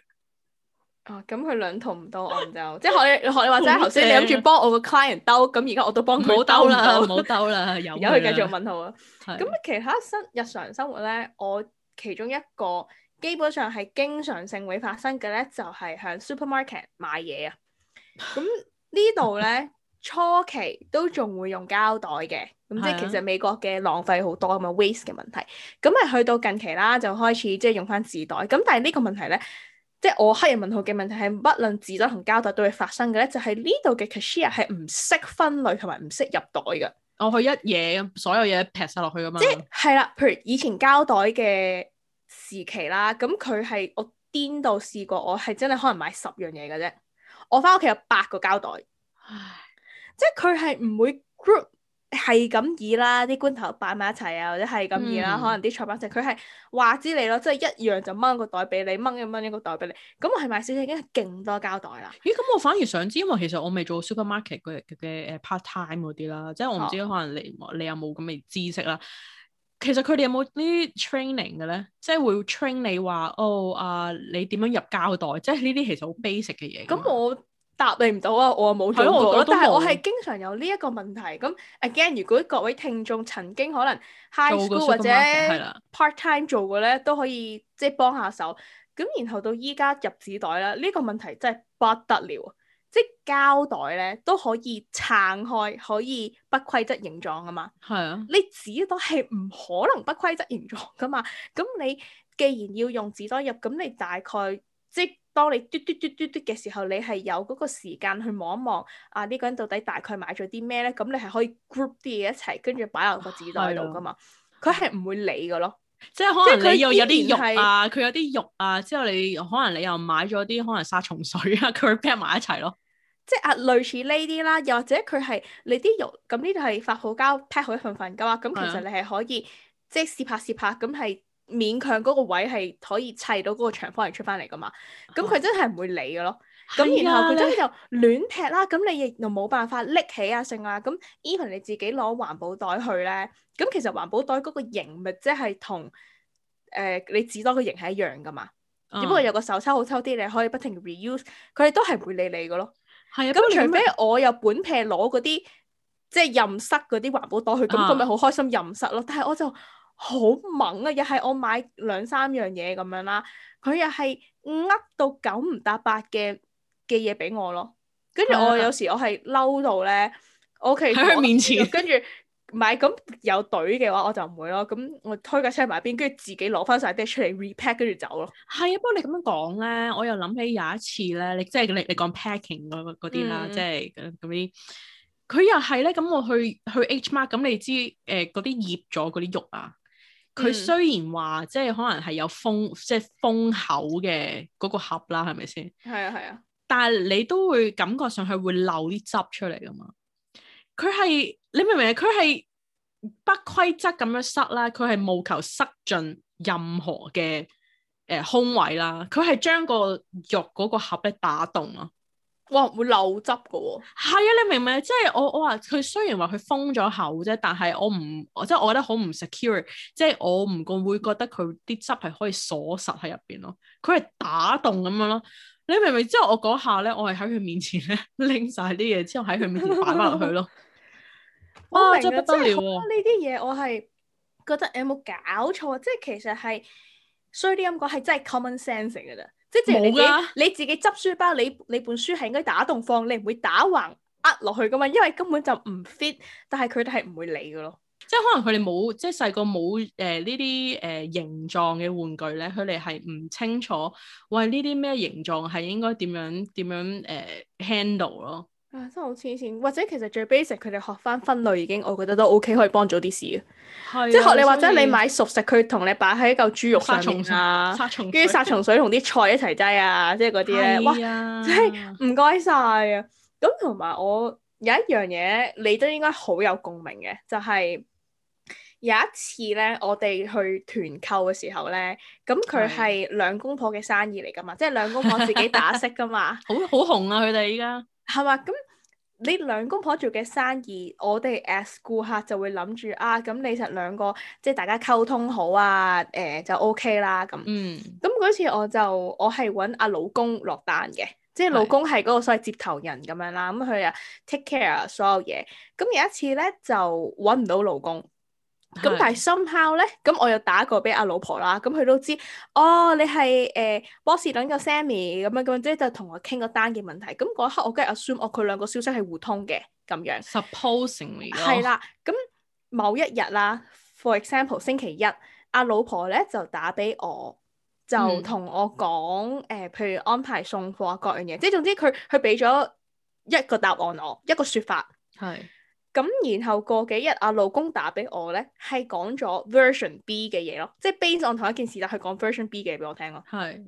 啊，咁佢、哦、兩套唔到，我唔就即係學你你話齋頭先，你諗住幫我個 client 兜，咁而家我都幫佢冇兜啦，冇兜啦，由佢繼續問好啊。咁的其他生日常生活咧，我其中一個基本上係經常性會發生嘅咧，就係向 supermarket 買嘢啊。咁呢度咧初期都仲會用膠袋嘅，咁即係其實美國嘅浪費好多啊嘛，waste 嘅問題。咁啊去到近期啦，就開始即係用翻紙袋。咁但係呢個問題咧。即係我黑人問號嘅問題係，無論紙質同膠袋都會發生嘅咧，就係呢度嘅 cashier 係唔識分類同埋唔識入袋嘅。我去一嘢，所有嘢劈晒落去㗎嘛。即係係啦，譬如以前膠袋嘅時期啦，咁佢係我癲到試過，我係真係可能買十樣嘢嘅啫。我返屋企有八個膠袋，即係佢係唔會 group。係咁意啦，啲罐頭擺埋一齊啊，或者係咁意啦，可能啲菜包食，佢係話之你咯，即係一樣就掹個袋俾你，掹一掹一個袋俾你。咁我係咪小食已經係勁多膠袋啦。咦？咁我反而想知，因為其實我未做 supermarket 嘅誒 part time 嗰啲啦，即係我唔知可能你你有冇咁嘅知識啦。噢其實佢哋有冇啲 training 嘅咧？即係會 train 你話哦，啊、呃，你點樣入膠袋？即係呢啲其實好 basic 嘅嘢。咁我。答你唔到啊，我冇做過我但係我係經常有呢一個問題。咁 again，如果各位聽眾曾經可能 high school 或者 part time 的做過咧，都可以即係幫下手。咁然後到依家入紙袋咧，呢、這個問題真係不得了。即係膠袋咧都可以撐開，可以不規則形狀啊嘛。係啊的，你紙袋係唔可能不規則形狀噶嘛。咁你既然要用紙袋入，咁你大概即當你嘟嘟嘟嘟嘟嘅時候，你係有嗰個時間去望一望啊，呢個人到底大概買咗啲咩咧？咁你係可以 group 啲嘢一齊，跟住擺落個紙袋度噶嘛？佢係唔會理嘅咯。即係可能你又有啲肉啊，佢有啲肉啊，之後你可能你又買咗啲可能殺蟲水啊，佢會 pack 埋一齊咯。即係啊，類似呢啲啦，又或者佢係你啲肉咁呢度係發泡膠 pack 好一份份噶嘛，咁其實你係可以、啊、即係試拍試拍咁係。勉強嗰個位係可以砌到嗰個長方形出翻嚟噶嘛？咁佢真係唔會理嘅咯。咁、啊、然後佢真係就亂踢啦。咁你亦又冇辦法拎起啊剩啊。咁 even 你自己攞環保袋去咧，咁其實環保袋嗰個型咪即係同誒你紙多個型係、呃、一樣噶嘛。嗯、只不過有個手抽好抽啲，你可以不停 reuse。佢哋都係唔會理你嘅咯。係啊。咁除非我有本劈攞嗰啲即係任塞嗰啲環保袋去，咁佢咪好開心任塞咯。但係我就。好猛啊！又係我買兩三樣嘢咁樣啦，佢又係呃到九唔搭八嘅嘅嘢俾我咯。跟住我有時我係嬲到咧，我喺佢面前，跟住唔係咁有隊嘅話，我就唔會咯。咁我推架車埋邊，跟住自己攞翻晒啲出嚟 repack，跟住走咯。係啊，不過你咁樣講咧，我又諗起有一次咧，你即係、就是、你你講 packing 嗰啲啦，即係嗰啲。佢、嗯、又係咧，咁我去去 H mark，咁你知誒嗰啲腌咗嗰啲肉啊。佢雖然話即係可能係有封即係封口嘅嗰個盒啦，係咪先？係啊係啊，啊但係你都會感覺上佢會漏啲汁出嚟噶嘛？佢係你明唔明啊？佢係不規則咁樣塞啦，佢係務求塞盡任何嘅誒、呃、空位啦，佢係將個肉嗰個盒咧打洞啊！哇，會漏汁嘅喎。哦，係啊，你明唔明啊？即、就、係、是、我我話佢雖然話佢封咗口啫，但係我唔，即係我覺得好唔 secure，即係我唔會會覺得佢啲汁係可以鎖實喺入邊咯，佢係打洞咁樣咯。你明唔明，就是？之後我嗰下咧，我係喺佢面前咧拎晒啲嘢之後喺佢面前擺翻落去咯。 <laughs> 哇，我明啊，真係不得了喎！呢啲嘢我係覺得有冇搞錯啊？即係其實係，所以啲感覺係真係 common sense 嚟噶即係你自己、啊、你自己執書包，你你本書係應該打洞放，你唔會打橫呃落去噶嘛，因為根本就唔 fit。但係佢哋係唔會理噶咯，即係可能佢哋冇，即係細個冇誒呢啲誒形狀嘅玩具咧，佢哋係唔清楚喂呢啲咩形狀係應該點樣點樣誒、呃、handle 咯。啊、真係好黐線，或者其實最 basic，佢哋學翻分類已經，我覺得都 OK，可以幫到啲事嘅。係、啊，即係學你或者你買熟食，佢同、嗯、你擺喺一嚿豬肉上邊啊殺，殺蟲，跟住殺蟲水同啲菜一齊擠啊，即係嗰啲咧，啊、哇！即係唔該晒啊。咁同埋我有一樣嘢，你都應該好有共鳴嘅，就係、是、有一次咧，我哋去團購嘅時候咧，咁佢係兩公婆嘅生意嚟噶嘛，即係、啊、兩公婆自己打骰噶嘛， <laughs> 好好紅啊！佢哋依家。係嘛？咁你兩公婆做嘅生意，我哋 as 顧客就會諗住啊，咁你實兩個即係大家溝通好啊，誒、呃、就 OK 啦咁。嗯。咁嗰次我就我係揾阿老公落單嘅，即係老公係嗰個所謂接頭人咁樣啦。咁佢啊 take care 所有嘢。咁有一次咧就揾唔到老公，咁但係 somehow 咧，咁我又打過俾阿老婆啦，咁佢都知哦，你係誒 boss 等個 Sammy 咁樣咁樣，即係就同我傾個單嘅問題。咁嗰一刻我梗係 assume 我、哦、佢兩個消息係互通嘅咁樣。Supposingly 係啦，咁某一日啦，for example 星期一，阿老婆咧就打俾我，就同我講誒、嗯呃，譬如安排送貨各樣嘢，即係總之佢佢俾咗一個答案我，我一個説法係。咁然後過幾日阿老公打俾我咧，係講咗 version B 嘅嘢咯，即係 base on 同一件事，但係講 version B 嘅嘢俾我聽咯。係。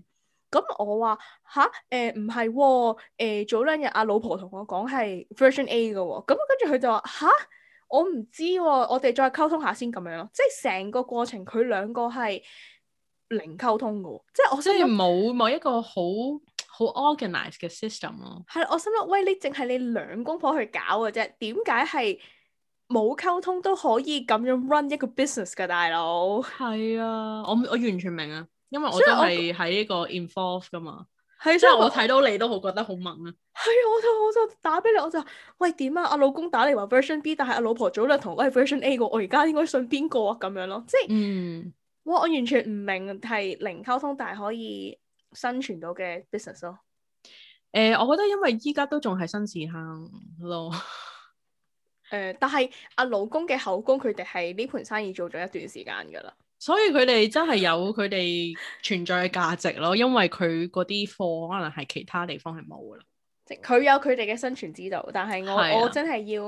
咁我話吓？誒唔係，誒、呃哦呃、早兩日阿老婆同我講係 version A 嘅喎，咁跟住佢就話吓？我唔知喎，我哋再溝通下先咁樣咯。即係成個過程佢兩個係零溝通嘅，即係我想即係冇某一個好。好 organize 嘅 system 咯，係啊，我心諗，喂，你淨係你兩公婆去搞嘅啫，點解係冇溝通都可以咁樣 run 一個 business 嘅大佬？係啊，我我完全明啊，因為我都係喺呢個 involve 噶嘛，係，所以我睇到你都好覺得好猛啊。係啊，我就我就打俾你，我就喂，點啊，阿老公打嚟話 version B，但係阿老婆早就同我係 version A 個，我而家應該信邊個啊？咁樣咯，即係，嗯，哇，我完全唔明係零溝通但係可以。生存到嘅 business 咯，誒、呃，我覺得因為依家都仲係新市坑咯，誒 <laughs> 、呃，但係阿老公嘅口供，佢哋係呢盤生意做咗一段時間噶啦，所以佢哋真係有佢哋存在嘅價值咯，因為佢嗰啲貨可能係其他地方係冇噶啦，即佢有佢哋嘅生存之道，但係我的我真係要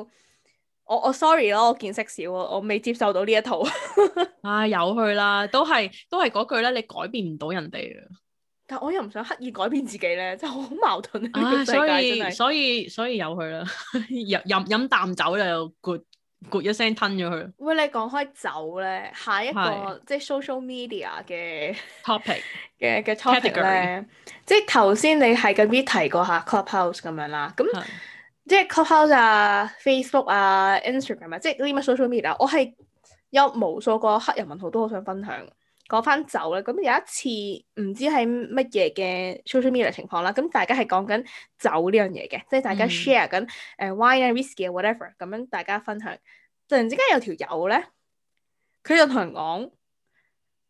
我我 sorry 咯，我見識少啊，我未接受到呢一套， <laughs> 啊，有去啦，都係都係嗰句咧，你改變唔到人哋啊。但我又唔想刻意改變自己咧，真係好矛盾啊！啊所以所以所以由佢啦，飲飲飲啖酒就又咕咕一聲吞咗佢。喂，你講開酒咧，下一個是即係 social media 嘅 topic 嘅嘅 topic 咧，即係頭先你係咁啲提過下 Clubhouse 咁樣啦，咁是即係 Clubhouse 啊、Facebook 啊、Instagram 啊，即係呢啲乜 social media，我係有無數個黑人問號都好想分享。講翻酒咧，咁有一次唔知係乜嘢嘅 social media 情況啦，咁大家係講緊酒呢樣嘢嘅，即係大家 share 緊誒 wine and whisky、whatever 咁樣大家分享。突然之間有條友咧，佢就同人講：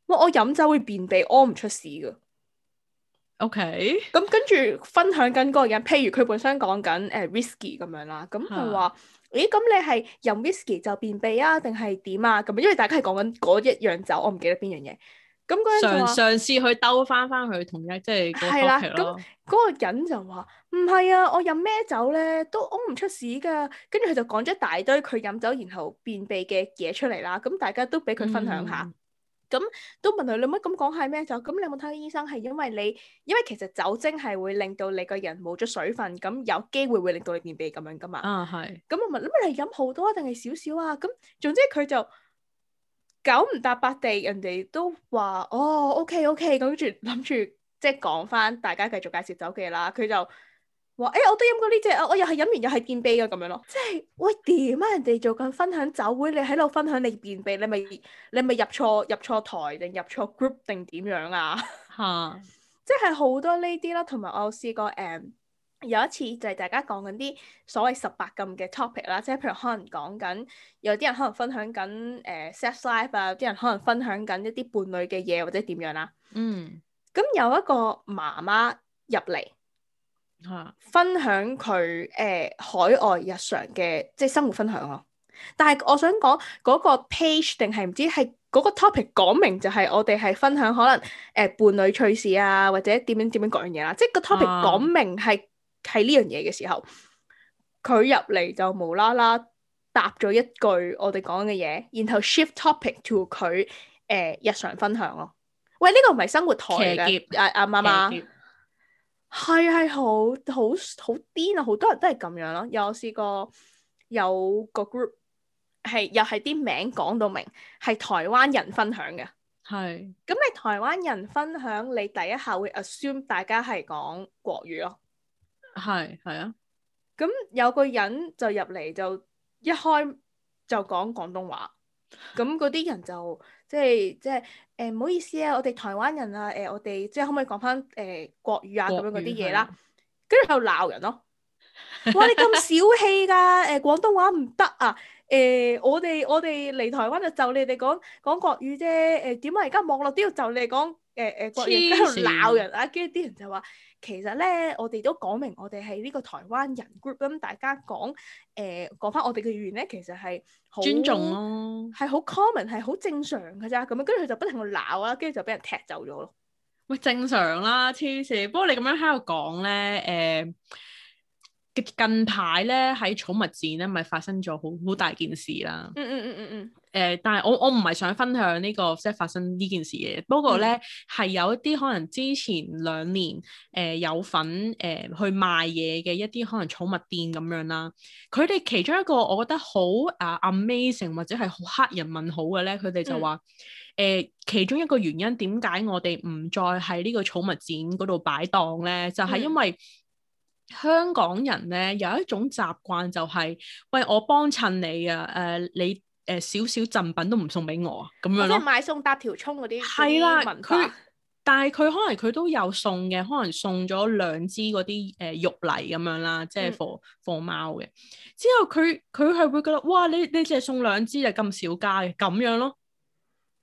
哇！我飲酒會便秘，屙唔出屎噶。OK，咁跟住分享緊嗰個人，譬如佢本身講緊誒 whisky, uh，咁樣啦，咁佢話。啊咦，咁、哎、你係飲 whisky 就便秘啊，定係點啊？咁，因為大家係講緊嗰一樣酒，我唔記得邊樣嘢。咁嗰上次去兜翻翻去同一即係。係、就、啦、是，咁嗰、啊、個人就話：唔係啊，我飲咩酒咧都屙唔出屎㗎。跟住佢就講咗一大堆佢飲酒然後便秘嘅嘢出嚟啦。咁大家都俾佢分享下。嗯。咁都問佢你乜咁講係咩？就咁你有冇睇醫生？係因為你，因為其實酒精係會令到你個人冇咗水分，咁有機會會令到你便秘咁樣噶嘛。啊，係。咁我問你係飲好多啊定係少少啊？咁總之佢就九唔搭八地，人哋都話哦，OK OK，跟住諗住即係講翻大家繼續介紹酒嘅啦。佢就。話誒、欸，我都飲過呢隻啊！我又係飲完又係便秘嘅咁樣咯，即係喂，點啊？人哋做緊分享酒會，你喺度分享你便秘，你咪你咪入錯入錯台定入錯 group 定點樣啊？吓， <laughs> <laughs> 即係好多呢啲啦，同埋我有試過誒，有一次就係大家講緊啲所謂十八禁嘅 topic 啦，即係譬如可能講緊有啲人可能分享緊誒 sex life 啊，有啲人可能分享緊一啲伴侶嘅嘢，或者點樣啦。嗯，咁有一個媽媽入嚟。分享佢誒、呃、海外日常嘅，即係生活分享咯、啊，但係我想講嗰、嗰個 page 定係唔知係嗰個 topic 講明就係我哋係分享可能誒、呃、伴侶趣事啊或者點樣點樣各樣嘢啦，即係個 topic 講明係係呢樣嘢嘅時候，佢入嚟就無啦啦答咗一句我哋講嘅嘢，然後 shift topic to 佢誒、呃、日常分享咯、啊。喂，呢、呢個唔係生活台嘅，阿阿媽係係好好好癲啊！好多人都係咁樣咯、啊。有試過有個 group 係又係啲名講到明係台灣人分享嘅。係是。咁你台灣人分享，你第一下會 assume 大家係講國語咯。係係啊。咁、啊、有個人就入嚟就一開就講廣東話，咁嗰啲人就即係即係。誒、呃、唔好意思啊，我哋台灣人啊，誒、呃、我哋即係可唔可以講返誒國語啊咁樣嗰啲嘢啦，跟住喺度鬧人咯、啊， <laughs> 哇你咁小氣㗎、啊，誒、呃、廣東話唔得啊！誒、呃，我哋我哋嚟台灣就就你哋講講國語啫。誒點解而家網絡都要就你哋講誒誒、呃呃、國語，黐線，跟住鬧人啊。跟住啲人就話，其實咧我哋都講明我哋係呢個台灣人 group，咁大家講誒講翻我哋嘅語言咧，其實係好尊重、囉，係好 common，係好正常嘅咋。咁樣跟住佢就不停去鬧啦，跟住就俾人踢走咗咯。喂，正常啦，黐線。不過你咁樣喺度講咧，誒、呃。近排咧喺寵物展咧，咪發生咗好好大件事啦。嗯嗯嗯嗯嗯。誒、呃，但係我我唔係想分享呢、這個即係發生呢件事嘅。不過咧，係、嗯、有一啲可能之前兩年誒、呃、有份誒、呃、去賣嘢嘅一啲可能寵物店咁樣啦。佢哋其中一個我覺得好啊 amazing 或者係好黑人問號嘅咧，佢哋就話誒、嗯呃、其中一個原因點解我哋唔再喺呢個寵物展嗰度擺檔咧，就係、是、因為。嗯香港人咧有一種習慣就係、是，喂我幫襯你啊，誒、呃、你誒少少贈品都唔送俾我啊，咁樣咯。即係買餸搭條葱嗰啲，係啦。佢但係佢可能佢都有送嘅，可能送咗兩支嗰啲誒肉泥咁樣啦，即係貨貨貓嘅。之後佢佢係會覺得，哇！你你淨係送兩支就咁少加嘅，咁樣咯。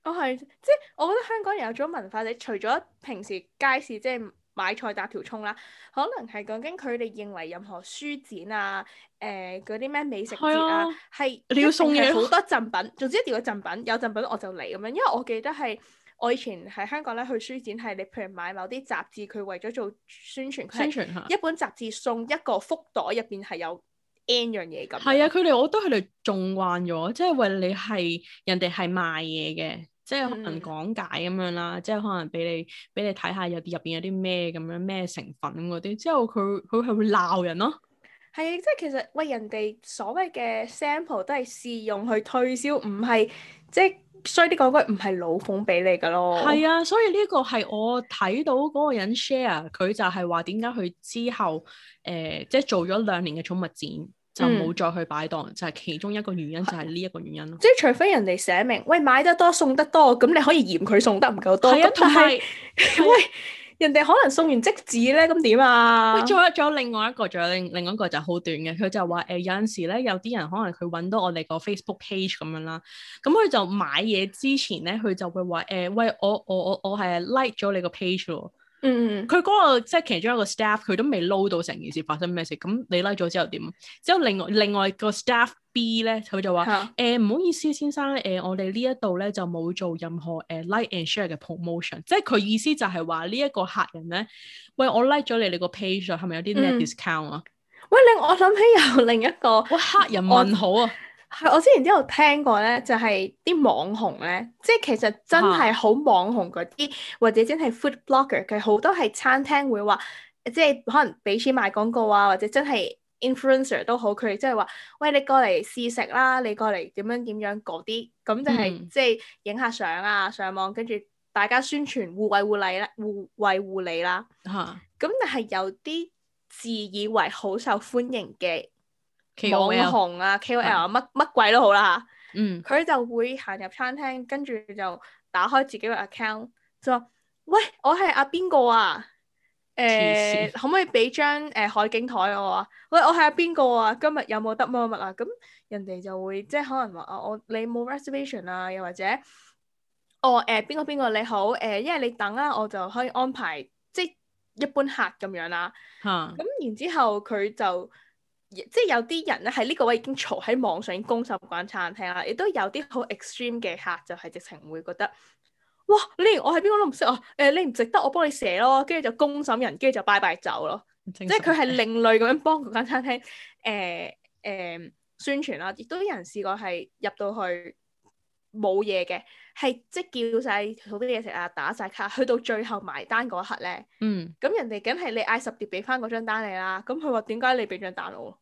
哦，係，即係我覺得香港人有種文化，你除咗平時街市即係。就是買菜搭條葱啦，可能係講緊佢哋認為任何書展啊，誒嗰啲咩美食節啊，係你要送嘢好多贈品，要總之一條嘅贈品有贈品我就嚟咁樣。因為我記得係我以前喺香港咧去書展係，你譬如買某啲雜誌，佢為咗做宣傳，佢一本雜誌送一個福袋，入邊係有 n 樣嘢咁。係啊，佢哋我都係嚟縱慣咗，即係為你係人哋係賣嘢嘅。即係可能講解咁樣啦，嗯、即係可能俾你俾你睇下有啲入邊有啲咩咁樣咩成分嗰啲，之後佢佢係會鬧人咯。係啊，即係其實喂人哋所謂嘅 sample 都係試用去推銷，唔係即係衰啲講句唔係老闆俾你噶咯。係啊，所以呢個係我睇到嗰個人 share，佢就係話點解佢之後誒、呃、即係做咗兩年嘅寵物展。就冇再去擺檔，嗯、就係其中一個原因，就係呢一個原因咯。即係、啊就是、除非人哋寫明，喂買得多送得多，咁你可以嫌佢送得唔夠多。係啊，同埋喂，人哋可能送完即止咧，咁點啊？喂，仲有仲有另外一個，仲有另另外一個就好短嘅，佢就話誒有陣時咧，有啲人可能佢揾到我哋個 Facebook page 咁樣啦，咁、嗯、佢就買嘢之前咧，佢就會話誒喂，我我我我係 like 咗你個 page 咯。嗯，嗯，佢嗰個即係其中一個 staff，佢都未 load 到成件事發生咩事。咁你 like 咗之後點？之後另外另外個 staff B 咧，佢就話：誒唔好意思，先生，誒、欸、我哋呢一度咧就冇做任何誒 like and share 嘅 promotion。即係佢意思就係話呢一個客人咧，喂我 like 咗你你個 page，係咪有啲咩 discount 啊？嗯、喂令我諗起有另一個黑人問號啊！係，我之前都有聽過咧，就係、是、啲網紅咧，即係其實真係好網紅嗰啲，的或者真係 food blogger，佢好多係餐廳會話，即係可能俾錢買廣告啊，或者真係 influencer 都好，佢哋即係話，喂你過嚟試食啦，你過嚟點樣點樣嗰啲，咁就係即係影下相啊，上網跟住大家宣傳互惠互利啦，互惠互利啦，咁的但係有啲自以為好受歡迎嘅。網紅啊、KOL 啊，乜乜鬼都好啦嚇。佢、嗯、就會行入餐廳，跟住就打開自己嘅 account，就話：喂，我係阿邊個啊？誒、欸，可唔可以俾張誒海景枱我啊？喂，我係阿邊個啊？今日有冇得乜乜啊？咁人哋就會即係可能話：我、哦、我你冇 reservation 啊？又或者哦，誒、呃、邊個邊個你好？誒、呃，因為你等啦、啊，我就可以安排即係、就是、一般客咁樣啦、啊。咁、嗯、然之後佢就。即係有啲人咧，喺呢個位已經嘈，喺網上公審嗰間餐廳啦，亦都有啲好 extreme 嘅客就係直情會覺得，哇！你連我係邊個都唔識啊！誒，你唔值得我幫你寫咯，跟住就公審人，跟住就拜拜走咯。即係佢係另類咁樣幫嗰間餐廳誒誒、呃呃、宣傳啦，亦都有人試過係入到去冇嘢嘅。係即叫晒，好啲嘢食啊，打晒卡，去到最後埋單嗰刻咧，咁人哋梗係你嗌十碟俾翻嗰張單你啦。咁佢話點解你俾張單我？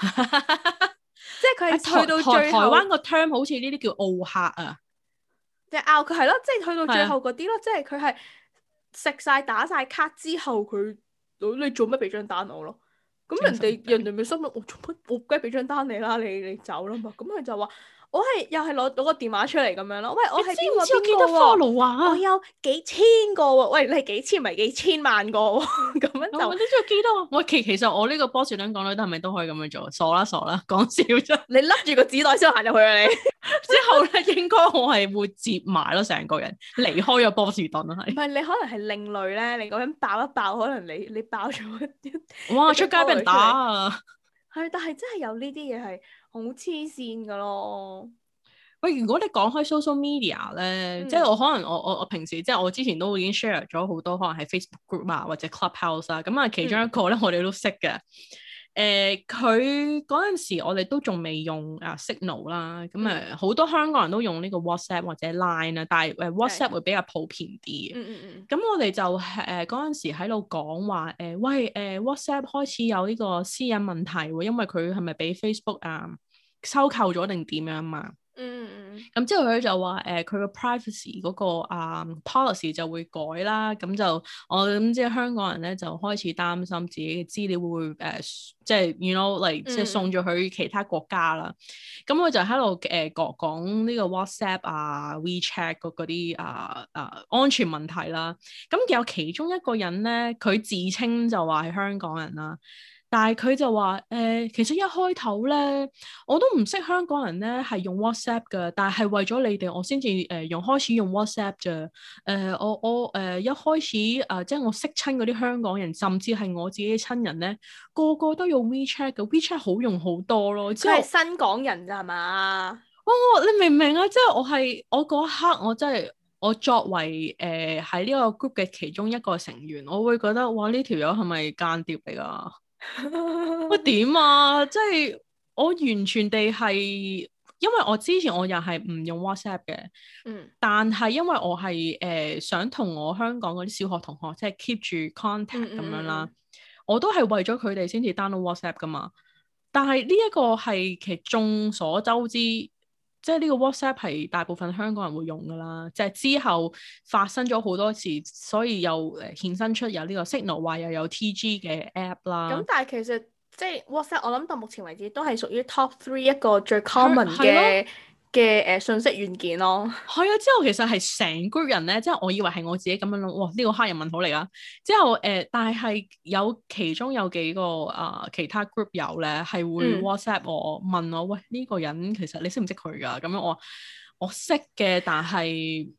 即係佢係去到最台灣個 term 好似呢啲叫奧客啊，即係拗佢係咯，即係去到最後嗰啲咯，即係佢係食晒打晒卡之後，佢你做乜俾張單我咯？咁人哋人哋咪心諗我做乜？我梗係俾張單你啦，你你走啦嘛。咁佢就話。我係又係攞攞個電話出嚟咁樣咯，喂，我係知唔知記得 follow 啊！我有幾千個喎，喂，你幾千咪幾千萬個咁樣就呢？仲有幾多？我其其實我呢個波士頓港女仔係咪都可以咁樣做？傻啦傻啦，講笑啫、啊！你笠住個紙袋先行入去啊你！ <laughs> 之後咧， <laughs> 應該我係會接埋咯，成個人離開咗波士頓都係。唔係 <laughs> 你可能係另類咧，你咁樣爆一爆，可能你你爆咗一啲。哇！ <laughs> 出街俾人打啊！係， <laughs> 但係真係有呢啲嘢係。好黐線噶咯！喂，如果你講開 social media 咧，嗯、即係我可能我我我平時即係我之前都已經 share 咗好多，可能喺 Facebook group 啊或者 Clubhouse 啊咁啊，其中一個咧、嗯、我哋都識嘅。誒佢嗰陣時我，我哋都仲未用啊 signal 啦，咁誒好多香港人都用呢個 WhatsApp 或者 Line 啦，但係誒 WhatsApp、嗯、會比較普遍啲。嗯嗯嗯。咁我哋就係誒嗰陣時喺度講話誒，喂誒、呃、WhatsApp 開始有呢個私隱問題喎，因為佢係咪俾 Facebook 啊收購咗定點樣嘛？嗯。咁之後佢就話誒佢個 privacy 嗰個啊 policy 就會改啦，咁就我諗即係香港人咧就開始擔心自己嘅資料會誒、uh, 即係 you know like、嗯、即係送咗去其他國家啦。咁佢就喺度誒講講呢個 WhatsApp 啊 WeChat 嗰啲啊啊，啊安全問題啦。咁有其中一個人咧，佢自稱就話係香港人啦。但係佢就話誒、呃，其實一開頭咧，我都唔識香港人咧係用 WhatsApp 噶，但係係為咗你哋，我先至誒用開始用 WhatsApp 啫。誒、呃，我我誒、呃、一開始啊、呃，即係我識親嗰啲香港人，甚至係我自己親人咧，個個都用 WeChat 噶，WeChat 好用好多咯。即係新港人咋係嘛？哦，你明唔明啊？即係我係我嗰一刻，我嗰刻我真係我作為誒喺呢個 group 嘅其中一個成員，我會覺得哇，呢條友係咪間諜嚟噶？喂？點 <laughs> 啊，啊？即係我完全地係，因為我之前我又係唔用 WhatsApp 嘅，嗯，但係因為我係誒、呃、想同我香港嗰啲小學同學即係 keep 住 contact 咁樣啦，嗯嗯我都係為咗佢哋先至 download WhatsApp 噶嘛，但係呢一個係其實眾所周知。即係呢個 WhatsApp 係大部分香港人會用㗎啦，就係之後發生咗好多事，所以又誒衍生出有呢個 Signal，話又有 TG 嘅 app 啦。咁但係其實即係 WhatsApp，我諗到目前為止都係屬於 top three 一個最 common 嘅。嘅誒、呃、信息軟件咯，係啊、 <laughs> 嗯！之後其實係成 group 人咧，即係我以為係我自己咁樣咯。哇！呢、呢個黑人問號嚟噶、啊。之後誒、呃，但係有其中有幾個啊、呃、其他 group 友咧係會 WhatsApp 我問我喂呢、這個人其實你識唔識佢噶？咁樣我我識嘅，但係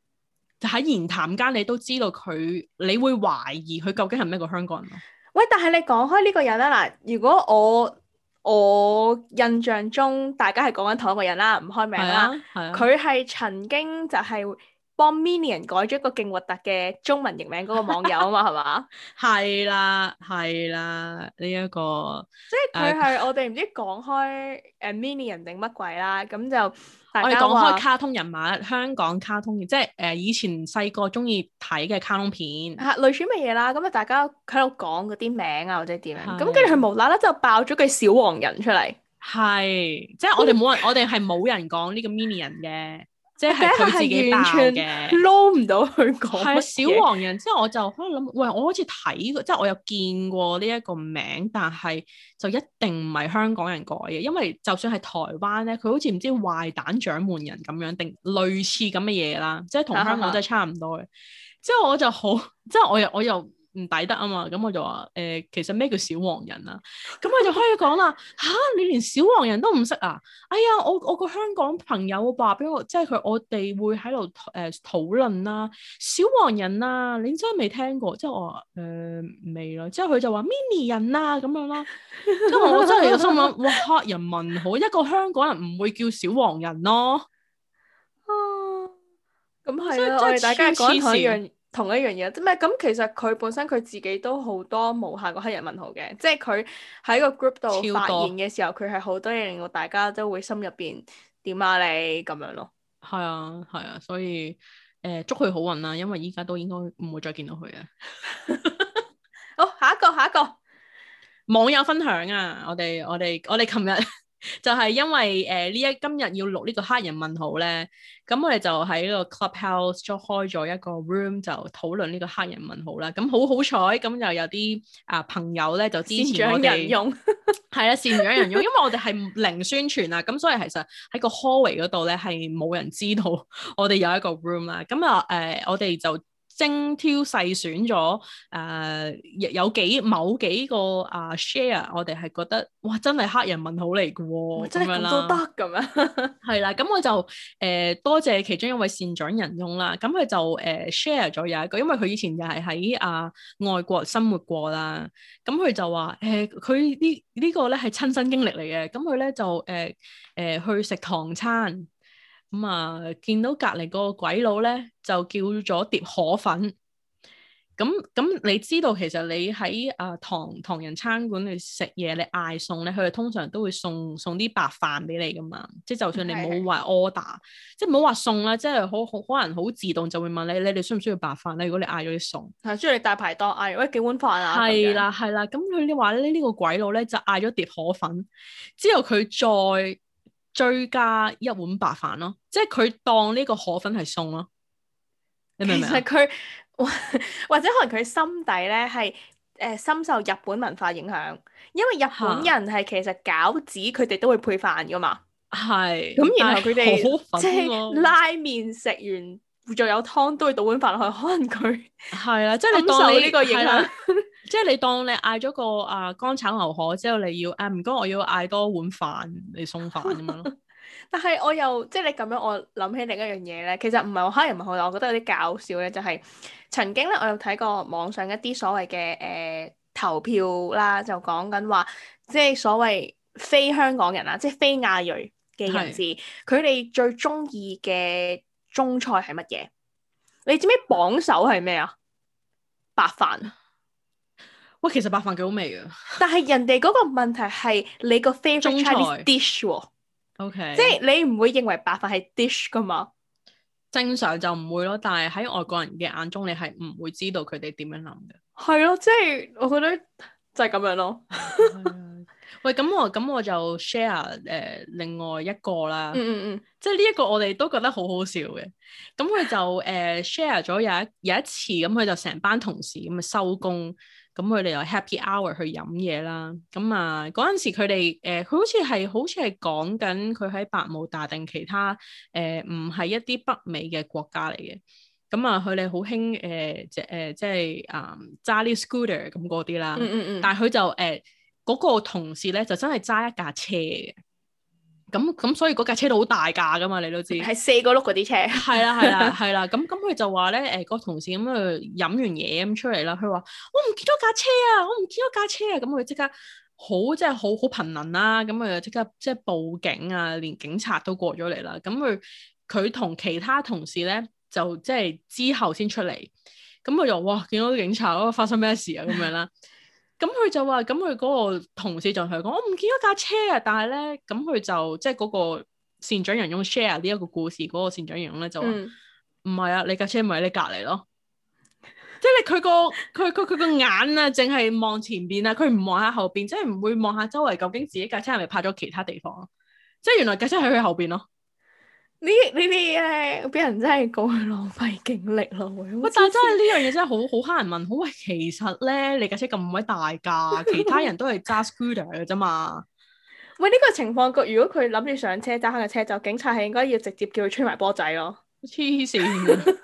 喺言談間你都知道佢，你會懷疑佢究竟係咩個香港人、啊？喂！但係你講開呢個人啊嗱，如果我我印象中，大家係講緊同一個人啦，唔開名啦，佢係、啊啊、曾經就係、是。幫 Minion 改咗一個勁核突嘅中文譯名嗰個網友啊嘛，係嘛 <laughs> 吧？係 <laughs> 啦，係啦，呢、這、一個 <laughs> 即係佢係我哋唔知講開誒、呃、Minion 定乜鬼啦，咁就我哋講開卡通人物，香港卡通人即係誒、呃、以前細個中意睇嘅卡通片嚇類似乜嘢啦，咁啊大家喺度講嗰啲名啊或者點是樣，咁跟住佢無啦啦就爆咗句小黃人出嚟，係即係我哋冇人， <laughs> 我哋係冇人講呢個 Minion 嘅。即係佢自己搭嘅，完全撈唔到佢講。係小黃人之後、就是、我就可能諗，喂，我好似睇過即係我有見過呢一個名，但係就一定唔係香港人改嘅，因為就算係台灣咧，佢好似唔知壞蛋掌門人咁樣定類似咁嘅嘢啦，即係同香港真係差唔多嘅。之後 <laughs> 我就好，即係我又我又。唔抵得啊嘛，咁、嗯、我就話誒、呃，其實咩叫小黃人啊？咁、嗯、我 <laughs> 就可以講啦，吓、啊、你連小黃人都唔識啊？哎呀，我我個香港朋友話俾、就是、我，即係佢我哋會喺度誒討論啦，小黃人啊，你真係未聽過？即係我話誒未啦，之後佢就話 mini 人啊咁樣啦，因為我真係有心諗哇吓，黑人問號，一個香港人唔會叫小黃人咯，啊，咁係咯，我哋大家講樣。同一樣嘢，即咩咁？其實佢本身佢自己都好多無限個黑人問號嘅，即係佢喺個 group 度發言嘅時候，佢係好多嘢令到大家都會心入邊點啊你咁樣咯。係啊，係啊，所以誒、呃，祝佢好運啊，因為依家都應該唔會再見到佢啊。好、 <laughs> <laughs> 哦，下一個，下一個網友分享啊！我哋，我哋，我哋琴日。 <laughs> 就係因為誒呢一今日要錄呢個黑人問號咧，咁我哋就喺個 clubhouse o 開咗一個 room 就討論呢個黑人問號啦。咁好好彩，咁又有啲啊、呃、朋友咧就支持我哋，係啊， <laughs> 善長人翁，因為我哋係零宣傳啊，咁 <laughs> 所以其實喺個 hallway 嗰度咧係冇人知道我哋有一個 room 啦。咁啊誒，我哋就。精挑細選咗誒、呃，有幾某幾個啊 share，呃、我哋係覺得哇，真係黑人問號嚟㗎喎，真係咁都得咁樣，係 <laughs> 啦， <laughs> 咁我就誒、呃、多謝其中一位善長仁翁啦，咁佢就誒 share 咗有一個，因為佢以前就係喺啊外國生活過啦，咁佢就話誒，佢、呃這個、呢呢個咧係親身經歷嚟嘅，咁佢咧就誒誒、呃呃呃、去食唐餐。咁啊、嗯，見到隔離個鬼佬咧，就叫咗碟河粉。咁咁，你知道其實你喺啊唐唐人餐館嚟食嘢，你嗌餸咧，佢哋通常都會送送啲白飯俾你噶嘛。即係就算你冇話 order，係係係即係冇話餸啦，即係好好可能好自動就會問你，你哋需唔需要白飯咧？如果你嗌咗啲餸，係，即係你大排檔嗌，喂幾碗飯啊？係啦係啦，咁佢哋話咧，嗯、呢、呢個鬼佬咧就嗌咗碟河粉，之後佢再。追加一碗白飯咯，即係佢當呢個河粉係餸咯。你明唔明？其實佢或者可能佢心底咧係誒深受日本文化影響，因為日本人係其實餃子佢哋都會配飯噶嘛。係是。咁然後佢哋即係拉麵食完。仲有湯都會倒碗飯落去，可能佢係啦，即係你當你呢個影響，即係你當你嗌咗個啊乾炒牛河之後，你要啊唔該，我要嗌多碗飯你送飯咁 <laughs> 樣咯。但係我又即係、就是、你咁樣，我諗起另一樣嘢咧，其實唔係我黑人唔好，我覺得有啲搞笑咧，就係、是、曾經咧，我有睇過網上一啲所謂嘅誒、呃、投票啦，就講緊話，即係所謂非香港人啊，即係非亞裔嘅人士，佢哋最中意嘅。 <music> 中菜係乜嘢？你知唔知榜首係咩啊？白飯。喂，其實白飯幾好味噶。但係人哋嗰個問題係你個 favorite dish 喎。OK，即係你唔會認為白飯係 dish 噶嘛？正常就唔會咯。但係喺外國人嘅眼中，你係唔會知道佢哋點樣諗嘅。係咯，即係我覺得就係咁樣咯。 <laughs> <laughs> 喂，咁我咁我就 share 誒、呃，另外一個啦，嗯嗯即係呢一個我哋都覺得好好笑嘅。咁佢就誒 share 咗有一有一次，咁佢就成班同事咁啊收工，咁佢哋又 happy hour 去飲嘢啦。咁啊嗰陣時佢哋誒，佢、呃、好似係好似係講緊佢喺百慕大定其他，誒唔係一啲北美嘅國家嚟嘅。咁啊佢哋好興誒即誒即係啊揸呢 scooter 咁嗰啲啦。嗯嗯，嗯但係佢就誒。呃嗰個同事咧就真係揸一架車嘅，咁咁所以嗰架車都好大架噶嘛，你都知係四個轆嗰啲車。係啦係啦係啦，咁咁佢就話咧誒，個同事咁啊飲完嘢咁出嚟啦，佢話我唔見咗架車啊，我唔見咗架車啊，咁佢即刻好即係好好頻能啦、啊，咁佢就即刻即係報警啊，連警察都過咗嚟啦，咁佢佢同其他同事咧就即係之後先出嚟，咁佢又哇見到啲警察咯，發生咩事啊咁樣啦。 <laughs> 咁佢、嗯、就話：咁佢嗰個同事就同佢講，我唔見咗架車啊！但係咧，咁佢就即係嗰個善長人用 share 呢一個故事，嗰、那個善長人咧就話：唔係、嗯、啊，你架車咪喺你隔離咯。即係你佢個佢佢佢個眼啊，淨係望前邊啊，佢唔望下後邊，即係唔會望下周圍，究竟自己架車係咪泊咗其他地方、啊？即係原來架車喺佢後邊咯。呢呢啲咧，俾人真係講佢浪費警力咯。喂，但真係呢樣嘢真係好好嚇人問，好喂，其實咧，你架車咁鬼大㗎，其他人都係揸 scooter 嘅啫嘛。 <laughs> 喂，呢、呢個情況如果佢諗住上車揸下架車，就警察係應該要直接叫佢吹埋波仔咯。黐線！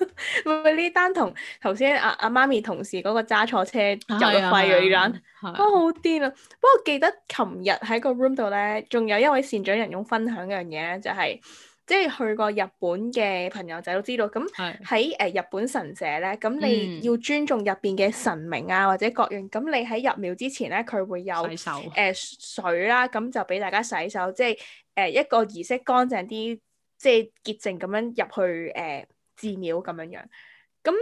<laughs> 喂，呢單同頭先阿阿媽咪同事嗰個揸錯車有個廢女人，啊好癲啊！的不過記得琴日喺個 room 度咧，仲有一位善長人用分享一樣嘢，就係、是。即係去過日本嘅朋友仔都知道，咁喺誒日本神社咧，咁的你要尊重入邊嘅神明啊、嗯、或者各樣，咁你喺入廟之前咧，佢會有誒手、呃、水啦，咁就俾大家洗手，即係誒一個儀式乾淨啲，即係潔淨咁樣入去誒、呃、寺廟咁樣樣。咁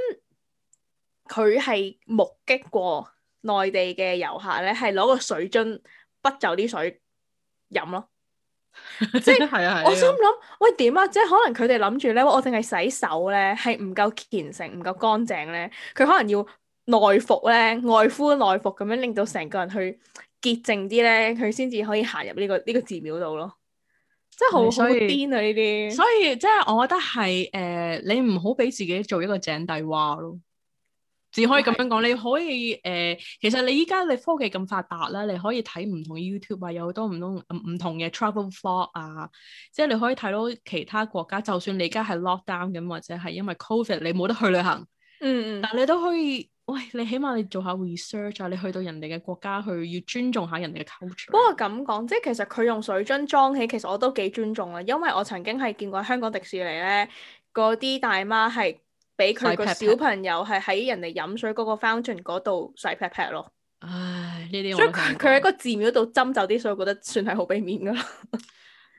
佢係目擊過內地嘅遊客咧，係攞個水樽畢走啲水飲咯。即係，我心諗，喂，點啊？即係可能佢哋諗住咧，我淨係洗手咧，係唔夠虔誠，唔夠乾淨咧。佢可能要內服咧，外敷內服咁樣，令到成個人去潔淨啲咧，佢先至可以行入呢個呢個寺廟度咯。真係好所以癲啊！呢啲所以即係，我覺得係誒、呃，你唔好俾自己做一個井底蛙咯。只可以咁樣講，你可以誒、呃，其實你依家你科技咁發達啦，你可以睇唔同 YouTube 啊，有好多唔同唔同嘅 travel vlog 啊，即係你可以睇到其他國家，就算你而家係 lockdown 咁，或者係因為 COVID 你冇得去旅行，嗯嗯，但你都可以，喂，你起碼你做下 research 啊，你去到人哋嘅國家去，要尊重下人哋嘅 culture。不過咁講，即係其實佢用水樽裝起，其實我都幾尊重啊，因為我曾經係見過香港迪士尼咧，嗰啲大媽係。俾佢個小朋友係喺人哋飲水嗰個 fountain 嗰度洗 pat pat 咯，唉，呢啲佢喺個寺廟度斟酒啲，所以覺得算係好俾面噶啦。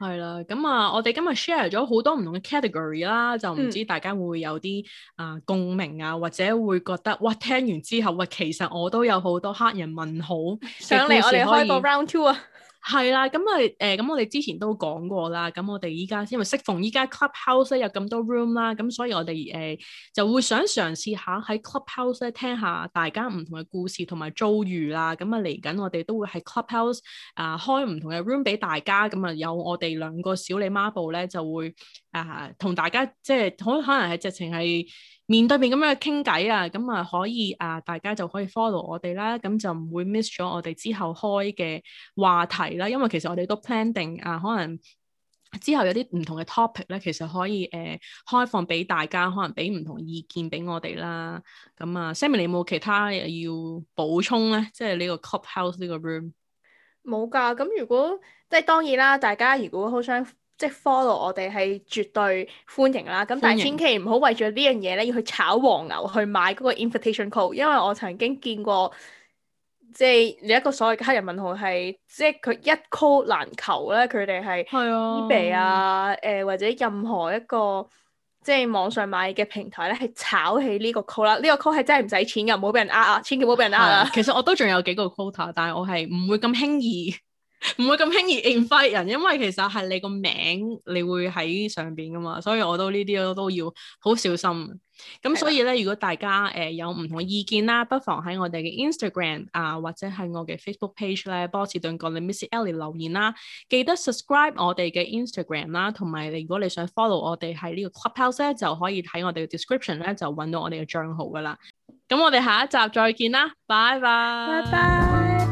係啦，咁啊，我哋今日 share 咗好多唔同嘅 category 啦，就唔知大家會有啲啊共鳴啊，或者會覺得哇聽完之後，哇其實我都有好多黑人問號。上嚟我哋開個 round two 啊！係啦，咁啊誒，咁、呃、我哋之前都講過啦，咁我哋依家因為適逢依家 Clubhouse 咧有咁多 room 啦，咁所以我哋誒、呃、就會想嘗試下喺 Clubhouse 咧聽下大家唔同嘅故事同埋遭遇啦，咁啊嚟緊我哋都會喺 Clubhouse 啊、呃、開唔同嘅 room 俾大家，咁、呃、啊有我哋兩個小李媽部咧就會啊、呃、同大家即係可可能係直情係面對面咁樣傾偈啊，咁啊可以啊，大家就可以 follow 我哋啦，咁就唔會 miss 咗我哋之後開嘅話題啦。因為其實我哋都 plan 定啊，可能之後有啲唔同嘅 topic 咧，其實可以誒、呃、開放俾大家，可能俾唔同意見俾我哋啦。咁、嗯、啊，Sammy 你有冇其他要補充咧？即係呢個 Clubhouse 呢個 room。冇噶，咁如果即係當然啦，大家如果好想。即係 follow 我哋係絕對歡迎啦，咁迎但係千祈唔好為咗呢樣嘢咧要去炒黃牛去買嗰個 invitation code，因為我曾經見過即係你一個所謂嘅黑人問號係即係佢一 call 難求咧，佢哋係 eBay 啊，誒、啊呃、或者任何一個即係網上買嘅平台咧係炒起呢個 code 啦，呢、這個 code 係真係唔使錢嘅，唔好俾人呃啊，千祈唔好俾人呃啊。其實我都仲有幾個 quota，但係我係唔會咁輕易。 <laughs> 唔會咁輕易 invite 人，因為其實係你個名，你會喺上邊噶嘛，所以我都呢啲都要好小心。咁所以咧，的如果大家誒、呃、有唔同意見啦，不妨喺我哋嘅 Instagram 啊，或者係我嘅 Facebook page 咧，波士頓講你 Miss Ellie 留言啦，記得 subscribe 我哋嘅 Instagram 啦，同埋如果你想 follow 我哋喺呢個 Clubhouse 咧，就可以喺我哋嘅 description 咧就揾到我哋嘅帳號噶啦。咁我哋下一集再見啦，拜拜。拜拜。